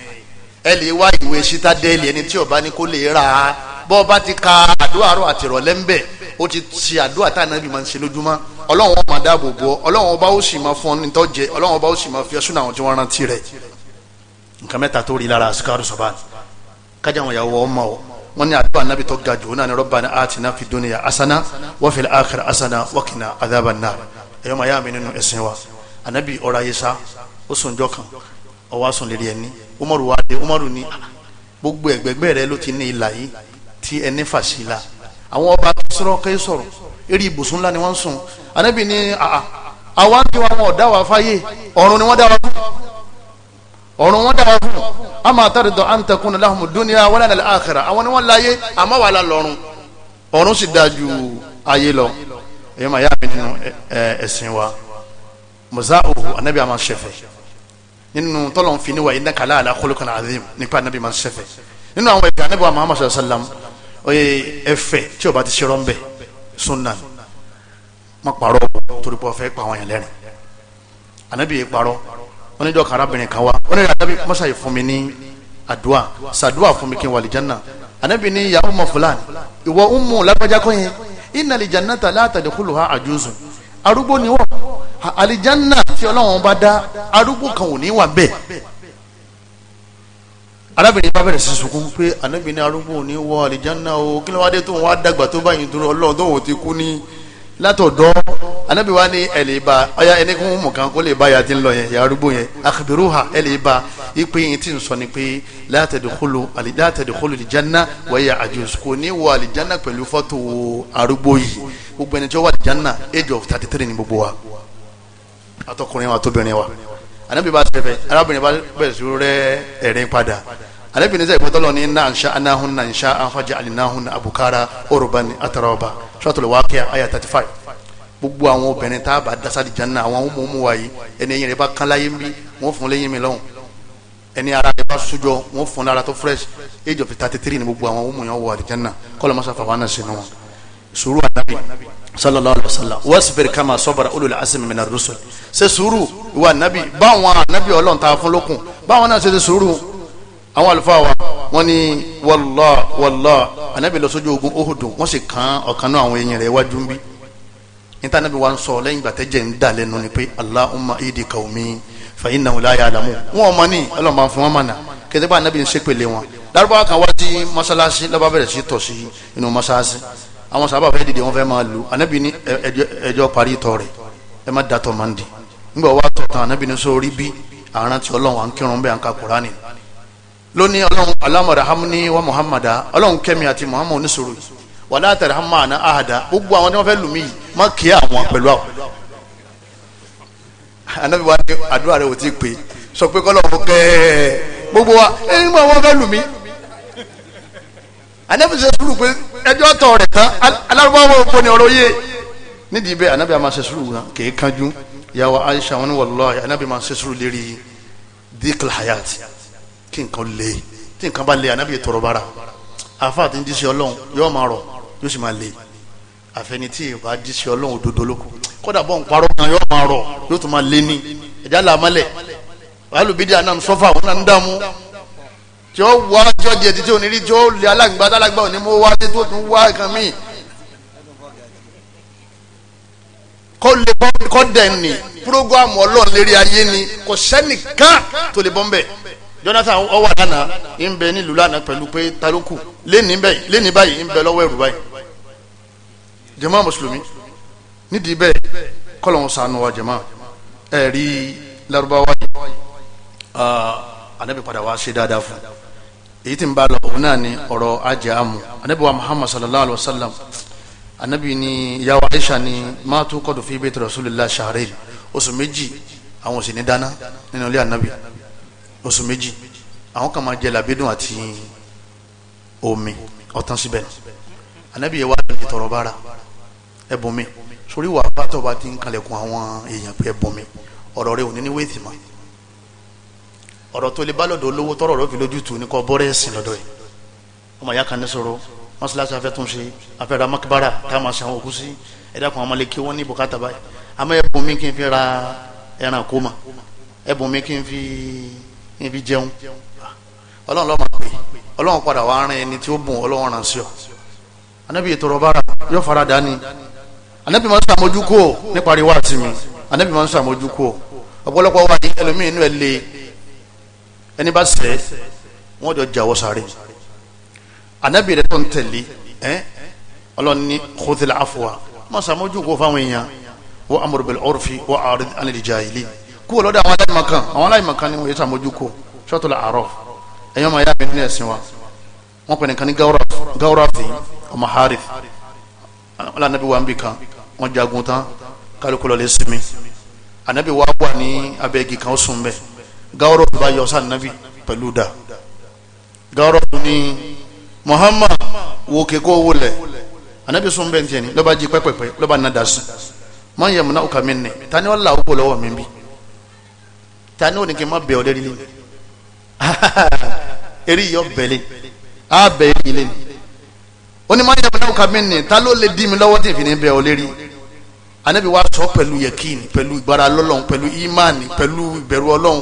ẹ lè wá ìwé sítádẹ́ẹ̀lì ẹni tí ó bá ní kó lè rà á bọ́ ọ bá ti ka àdúrà rọ àtìrọ̀lẹ́ ń bẹ̀ ó ti ṣe àdúrà tá náà bí máa ń ṣe lójúmọ́ dáàbò bò ọ ọlọ́run ó sì máa fún ọ nítọ́jẹ ọlọ́run ọba ó sì máa fi ọ nǹkan mẹ́ta tó rí lára asukaru sọ̀bá kájà wọn yà wọ ọmọ o wọn ní àdúrà nàbí tó ga jù náà ni Rabbana atina fid dunya asana wa fil akhirati asana wa qina adhaban nar ẹ̀yọ́ máa yá mi nínú ẹ̀sìn wa ànábì ọ̀rọ̀ ayé sá ó sùn jọ kan ọwọ́ àsùn lè rí ẹni umaru wa dé umaru ní ah, gbogbo ẹ̀gbẹ́gbẹ́ rẹ ló ti ní ìlà yìí tí ẹni fà sí la àwọn ọba sọ̀rọ̀ kẹ́ sọ̀rọ̀ eré ibùsùn ńlá ni wọ́n sùn ànábì ní ah, ah, àwa ń wọn ọ̀dá wa fáyé ọ̀run ni wọ́n dá wa fún ọ̀run wọn dára fún ama àtàrídọ̀ à ń takùn láhùn dúnìá wọlé àlẹ́ àkàrà àwọn ni wọ́n láyé àmọ́ wà lọ́rùn ọ̀run sì dáa ju ayé lọ èyí máa yá mi nínú ẹ̀sìn wa musa òhù anabi àmà ṣẹfẹ̀ nínú tọ́lọ̀ ń fi níwà iná kàlá àlá kólókan àdìm nípa anabi àmà ṣẹfẹ̀ nínú àwọn ẹ̀fẹ̀ anabi àmà àmà sàlám oye ẹ̀fẹ̀ tí o bá ti ṣe rọ́ńbẹ̀ sunna má parọ́ torí fẹ́ pa àwọn yẹn lẹ́rìn anabi yẹn parọ́ onídọ̀ karabìnrin kan wa ó ní anabi mọ́sá yìí fún mi ní àdúà sàdúà fún mi kí n wà lìjánà anabi ní ya umma fulani ìwọ ummu lágbájá kọ́ yẹn inna lìjánátà látàdékùlùhà àjùzùn arúgbó ni wọ́n àlìjánà tí ọlọ́run bá dá arúgbó kan ò ní wà bẹ́ẹ̀ arábìnrin bá bẹ̀rẹ̀ sí sunkún pé anabi ní arúgbó ò ní wọ àlìjánà o kí ló wá dé tó ń wá dàgbà tó báyìí dúró ọlọ́run ti kú ní látọ̀dọ́ anabi wa ni ẹ lè ba ọya ẹni kún mú kan kó lè ba yàtí ńlọ yẹn yàrá arúgbó yẹn akhbiruha ẹ lè ba ipe yẹn ti ń sọ ni pé la tadkhulu la tadkhulu aljanna wa hiya kò ní wọ aljanna pẹ̀lú fọ́tò arúgbó yìí gbogbo ẹni tí wọ́n wọ aljanna age of thirty three ni gbogbo wa àtọkùnrin wa àtobìnrin wa anabi bá sẹfẹ arábìnrin bá bẹ̀rẹ̀ sí rẹ ẹ̀rín padà alebini sẹ ìgbọtọlọ ni nna nsa anahun na nsa afaja alinahun abukara orobani ataraba suratul waqiya aya thirty five gbogbo àwọn obìnrin tá a bá dasa di janna àwọn ọmọọmọ wa yìí ẹni ẹ̀yìn rẹ̀ bá kán láyé ń wọn fún lẹ́yìn mi lọ́hùn ẹni ara rẹ̀ bá sójọ wọn fún lára tó fresh age of thirty ni gbogbo àwọn ọmọ yẹn wọ àdìjẹ náà kọlọ mọsán fàwọn náà sínú wọn. sùúrù anabi sallallahu alayhi wa sallam àwọn àlùfáà wa wọ́n ní wọ́lọ́ wọ́lọ́ anabi lọ sójú ogun ohudu wọ́n sì kan ọ̀kan náà àwọn èèyàn rẹ̀ wájú ń bí níta anabi wa ń sọ lẹ́yìn ìgbà tẹ́jẹ̀ ń dà lẹ́nu ni pé Allahumma idi kaumi fa innahum la ya'lamun wọn ọmọ ní ọlọ́mọ fún wọn mọ̀nà kété bá anabi ń ṣépele wọn lárúbáwá kan wá sí mọ́sálásí lọ́ba bẹ̀rẹ̀ sí tọ̀ sí inú mọ́sálásí àwọn sábà fẹ́ dìde wọn fẹ́ máa lu anabi ní ẹjọ́ parí tọ̀ rẹ̀ ẹ má dàtọ̀ máa ń di nígbà wàá tọ̀ tán anabi ní sọ orí bí àrántí ọlọ́run à ń kírun bẹ́ẹ̀ à ń ka kúránì lóní ọlọ́run alámọ̀dá hamni wa muhammada ọlọ́run kẹ́mi àti muhammadu oníṣòro wà látàrí hamana ahada gbogbo àwọn tí wọ́n fẹ́ lùmí yìí má kí àwọn pẹ̀lú àwọn. anabi wa ni àdúrà rẹ ò ti pè sọ pé kọ́lọ́run kẹ́ ẹ́ gbogbo wa ẹ̀ ń gbọ́ wọn fẹ́ lùmí. anabi ṣe sùúrù pé ẹjọ́ tọ̀ rẹ̀ tán alárúbáwọ̀ òpó ni ọ̀rọ̀ yé nídìí bẹ́ẹ̀ anabi àmà ṣe sùúrù wọn kì kanjú yàwó aisha wọn ni wallahi kí nǹkan le tí nǹkan bá le ànábìyẹ tọrọ bára àáfàá tí ń díṣe ọlọ́run yóò máa rọ yóò sì máa le àfẹni tí ìbá díṣe ọlọ́run òdodo lóko kódà bọ́ ń parọ́ kan yóò máa rọ yóò tún máa le ní ẹ̀dá làmálẹ̀ alùbídìí àná sọ́fà wọn náà ń dààmú tí ó wá tí ó di ẹtí tí ò ní rí tí ó lé alágbá alágbá ò ní wá tí ó tún wá kan míì kó lè bọ́ kó dẹ̀ ní púrógámù ọlọ́run lérí ayé ni kò sẹ́nìkan tó lè bọ́ ń bẹ̀. Jonathan ọwọ́ àlànà ń bẹ nílùú lánàá pẹ̀lú pé talókù lẹ́ni báyìí ń bẹ lọ́wọ́ ẹ̀rù báyìí jàmá mùsùlùmí nídìí bẹ́ẹ̀ kọ́lọ̀hún sànù wa jàmá ẹ̀rí Lárúbáwá yìí anabi padà wá ṣe dáadáa fún èyí tí ń bá lọ òun náà ni ọ̀rọ̀ ajé amú anabi wa Muhammad sallallahu alayhi wa sallam anabi ni ìyàwó Aisha ni máa tó kọ́dù fi bayti rasulillah shahrain oṣù méjì àwọn òsì ní dáná oṣù méjì àwọn kan máa jẹ làbídùn àti omi ọ̀tán síbẹ̀ ànábì yẹn wá ní tọrọ bára ẹbùn mi sórí wà bàtọ̀ bá ti ń kalẹ̀kùn àwọn èèyàn pé ẹbùn mi ọ̀rọ̀ rẹ ò ní ní wéètì mọ́ ọ̀rọ̀ tó lè bá lọ́dọ̀ olówó tọrọ rẹ fi lójú tù ní kọ́ bọ́rẹ́ ẹ̀sìn lọ́dọ̀ ẹ̀ ọmọ ìyá kan ní sọ̀rọ̀ mọ́sálásí afẹ́ afẹ́ ra makibara tá a máa àwọn òkú níbi jẹun ọlọ́run lọ́ọ́ máa pè ọlọ́run padà wá rìn ẹni tí ó bùn ọlọ́run ràn sí ọ anabi ètò rọ̀bára yóò fara dání anabi máa ń sàmójúkú ọ nípa ríwá àti mi anabi máa ń sàmójúkú ọ ọ̀pọ̀lọpọ̀ wa ní ẹlòmíì inú ẹ lé ẹni bá sẹ́ wọ́n jọ jàwọ́ sáré anabi rẹ̀ tó ń tẹ̀lé ẹ́ ọlọ́run ní khudhil afwa máa sàmójúkú fáwọn èèyàn wa amur bil urfi wa a'rid anil jahili kúrò lọ́dọ̀ àwọn aláìmọ̀kan àwọn aláìmọ̀kan ni wọ́n yẹ sàmójú kó ṣọ́ọ̀tù la àárọ̀ ẹ̀yọ́ máa yá mi ẹ̀sìn wa wọ́n pè nìkan ní Gawrafi ọmọ Harith ọlá anabi wa ń bì kan wọ́n jagun tán kálukú lọ lè sinmi anabi wa wà ní abẹ́gi kan ó sùn bẹ́ẹ̀ Gawrafi bá yọ sàn pẹ̀lú dà Gawrafi ní Muhammad wo kékó wọlé anabi sùn bẹ́ẹ̀ tiẹ̀ ni lọ́ba jí pẹ́pẹ́pẹ́ lọ́ba nàdásí mọ̀ yẹ mun náà kà mí nì tani wọ́n là ó bọ̀ lọ́wọ́ mi bíi ta ni òní kí n má bẹ̀ ọ́ lérí lé eré yọ bẹ̀lẹ̀ á bẹ̀ ẹ́ ilé ni ó ní má yẹ mẹ́ta ọkà mi nì ta ló lè dí mi lọ́wọ́ tí ìfìní bẹ̀ ọ́ lérí anabi wa sọ pẹ̀lú yẹkin pẹ̀lú ìgbára lọ́lọ́run pẹ̀lú imani pẹ̀lú ìbẹ̀rù ọlọ́run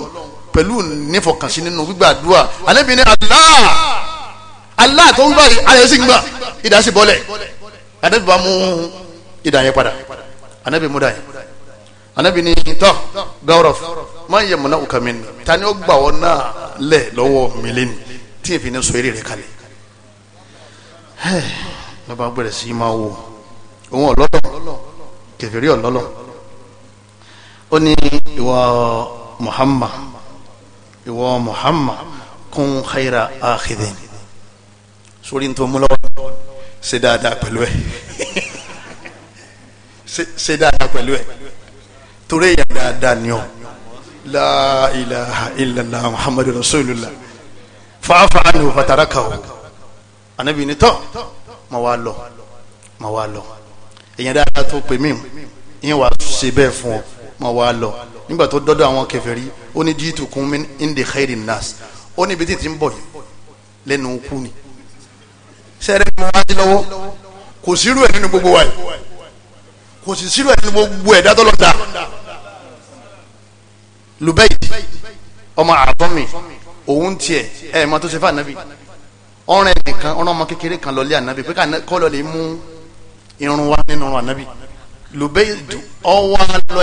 pẹ̀lú nífọkànsí nínú gbígbàdúrà anabi ní Allah Allah tó ń gbà yìí ayé sì ń gbà ìdá sì bọ́lẹ̀ anabi bá mú ìdá yẹn padà anabi mú dá yẹn anabi ní tọ́ gawrọ́f máa ń yẹ mọ̀nà òkà mi ni ta ni ó gbà ọ́ náà lẹ̀ lọ́wọ́ mi lẹ́nu tí èfin náà sọ eré rẹ̀ kalẹ̀ lọ́ba bẹ̀rẹ̀ sí máa wò òun ọ̀lọ́lọ̀ kẹfìrí ọ̀lọ́lọ̀ ó ní ìwọ Muhammad ìwọ Muhammad kún khaira akhidin sórí tó mú ṣe dáadáa pẹ̀lú ẹ̀ ṣe dáadáa pẹ̀lú ẹ̀ torí èèyàn dáadáa ni ọ́ la ilaha illallah muhammadu rasulillah fàáfà ni wò fataraka o anabi ni tọ ma wá lọ ma wá lọ èyàn dáadáa tó pè mí ìyẹn wàá ṣe bẹ́ẹ̀ fún ọ ma wá lọ nígbà tó dọ́dọ̀ àwọn kèfèrí ó ní jíìtù kún mí ndè xeyìrì nas ó ní ibi ń bọ̀ yìí lẹ́nu kú ni sẹ́rẹ́ mi wá sí lọ́wọ́ kò sírú ẹ̀ nínú gbogbo wa yìí kò sì sírú ẹ̀ nínú gbogbo ẹ̀ dátọ́ lọ́dà lubeid ọmọ àbọ́mi òun tiẹ̀ ẹ̀ mọ́ tó ṣe fún ànábì ọ̀rẹ́ nìkan ọ̀rọ̀ ọmọ kékeré kan lọ́lé ànábì pé kọ́ lọ́ọ́ lè mú irun wá nínú ọ̀rọ̀ ànábì lubeid ọwọ́ lọ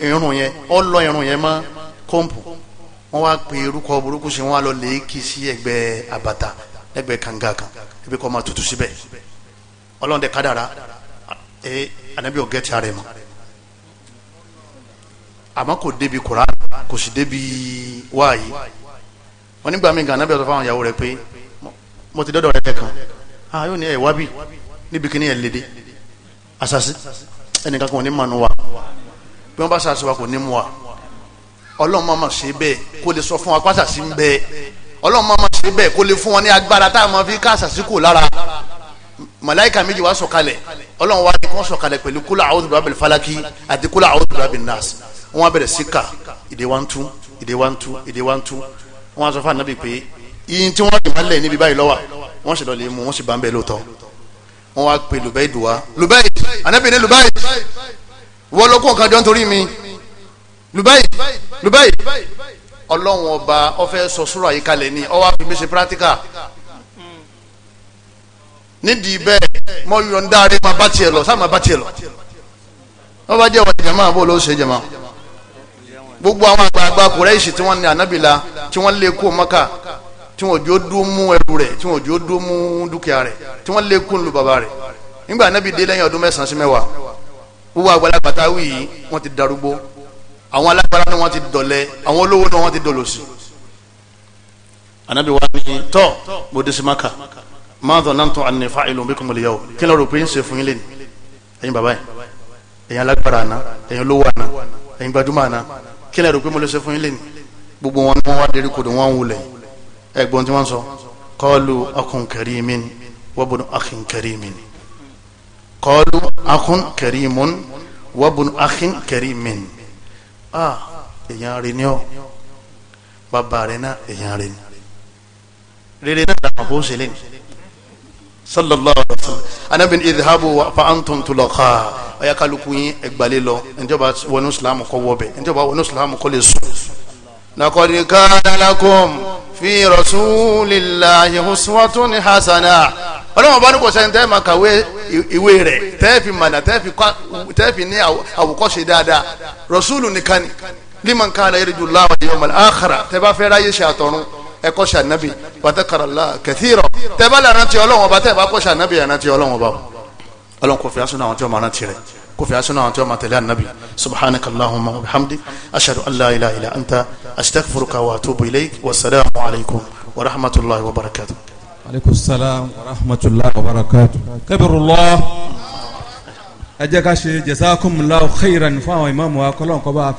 irun yẹn ọlọ irun yẹn mọ́ kọ́ǹpù wọ́n wá pe irúkọ burúkú sí wọn lọ lè kí sí ẹgbẹ́ àbàtà ẹgbẹ́ kànga kan ibi kọ́ máa tutù síbẹ̀ ọlọ́run tẹ kádàrá ẹ anabi ọ̀gẹ́ ti ara ẹ̀ mọ́ àmọ́ kò débi Kùránì kò sì débi wáàyí wọn nígbà mí gànábì ọ̀sọ̀ fáwọn ìyàwó rẹ̀ pé mo ti dọ́dọ̀ rẹ̀ lẹ́kan ah yóò ní ẹ̀ wábì níbi kíní ẹ̀ lédè àṣàṣì ẹnìkan kò ní mànú wa bí wọ́n bá ṣàṣì wa kò ní mu wa ọlọ́run máa ma ṣe bẹ́ẹ̀ kó lè sọ fún wa pàṣàṣì ń bẹ́ẹ̀ ọlọ́run máa ma ṣe bẹ́ẹ̀ kó lè fún wọn ní agbára tá máa fi ká àṣàṣì kò lára màláìka méjì wá sọ̀kalẹ̀ ọlọ́run wá ní kó sọ̀kalẹ̀ pẹ̀lú kúlà àwọn òdùbà falaki àti kúlà àwọn òdùbà bẹ̀rẹ̀ nàásì wọ́n wá bẹ̀rẹ̀ sí kà ìdè wa ń tú ìdè wa ń tú ìdè wa ń tú wọ́n wá sọ fún ànábì pé iyin tí wọ́n dì máa lẹ̀ níbi báyìí lọ́wà wọ́n sì lọ́ọ́ lè mú wọ́n sì bá ń bẹ̀ lóòótọ́ wọ́n wá pe lùbẹ́yì dùwà lùbẹ́yì ànábì ní lùbẹ́yì wọ́n lọ́kùn kan jọ nítorí mi lùbẹ́yì lùbẹ́yì ọlọ́run ọba ọfẹ́ sọ súrà yìí kalẹ̀ ni ọwọ́ àfi mi ṣe practical nídìí bẹ́ẹ̀ mọ́ yọ̀ǹda rẹ̀ máa bá tiẹ̀ lọ sáà máa bá tiẹ̀ lọ wọ́n bá jẹ́ wà jẹ̀mọ́ àbọ̀ ló ṣe jẹ̀mọ́ gbogbo àwọn àgbààgbà kùrẹ́ìṣì tí wọ́n ní ànábìlà tí wọ́n lé kó maka tí wọ́n jò dún mú ẹrù rẹ̀ tí wọ́n jò dún mú dúkìá rẹ̀ tí wọ́n lé kún lu bàbá rẹ̀ nígbà ànábì dé lẹ́yìn ọdún mẹ́sàn-án sí mẹ́wàá gbogbo àgbàlagbà tá a wí yìí wọ́n ti darúgbó àwọn alágbára ni wọ́n ti dọ̀lẹ́ àwọn olówó ni wọ́n ti dọ̀lọ́sì ànábì wa ni tọ́ mo dé sí maka máa dọ̀ náà tún ànífà bí kò mọ̀ kí ló rò pé ń ṣe fún yín lé ní ẹ̀yin bàbá yìí ẹ̀yin alágbára àná ẹ̀yin olówó àná ẹ̀yin gbajúmọ̀ àná kílẹ̀ rò pé mo lè ṣe fún yín lẹ́nu gbogbo wọn ni wọ́n wá dérí kodò wọn wulẹ̀ ẹ̀gbọ́n tí wọ́n sọ kọ́ọ̀lù akun karimin wabun akhin karimin kọ́ọ̀lù akun karimun wabun akhin karimin a ah, èèyàn rẹ ni ọ bàbá rẹ náà èèyàn rẹ ni rere náà làwọn kò ṣe lẹ́nu sallallahu alaihi wa sallam anabi idhabu fa antum tulaqa ọ̀yà kálukú yín ẹgbàlè lọ ẹnjọba wọnú silamu kọ wọbẹ ẹnjọba wọnú silamu kọ lè sùn. laqad kana lakum fi rasulillahi uswatun hasana ọlọ́wọ́n bá ní kò sẹ́ni tẹ́ ma kàwé ìwé rẹ̀ tẹ́ fi mànà tẹ́ fi ní àwòkọ́ṣe dáadáa rasulu nìkan ni liman kana yarju Allah wal yawmal akhira tẹ́ bá fẹ́ ráyè ṣe àtọ̀run ẹ kọ́ sànàbì wàtẹ́kàràlá kẹ̀tìrọ̀ tẹ́ bá lè rántí ọlọ́run ọba tẹ́ bá kọ́ sànàbì ẹ̀ rántí ọlọ́run ọba ọlọ́run kò fi asúnà àwọn tí wọ́n máa rántí rẹ̀ kò fi asúnà àwọn tí wọ́n máa tẹ̀lé ànàbì subhanak allahumma wa bihamdik ashhadu an la ilaha illa anta astaghfiruka wa atubu ilayk wa salaamu alaykum wa rahmatulahi wa barakatuh. aleykum salaam wa rahmatulahi wa barakatuh. kabirullah ẹ jẹ́ ká fún àwọn ìmáàmù wa kọ́lọ́n kọ́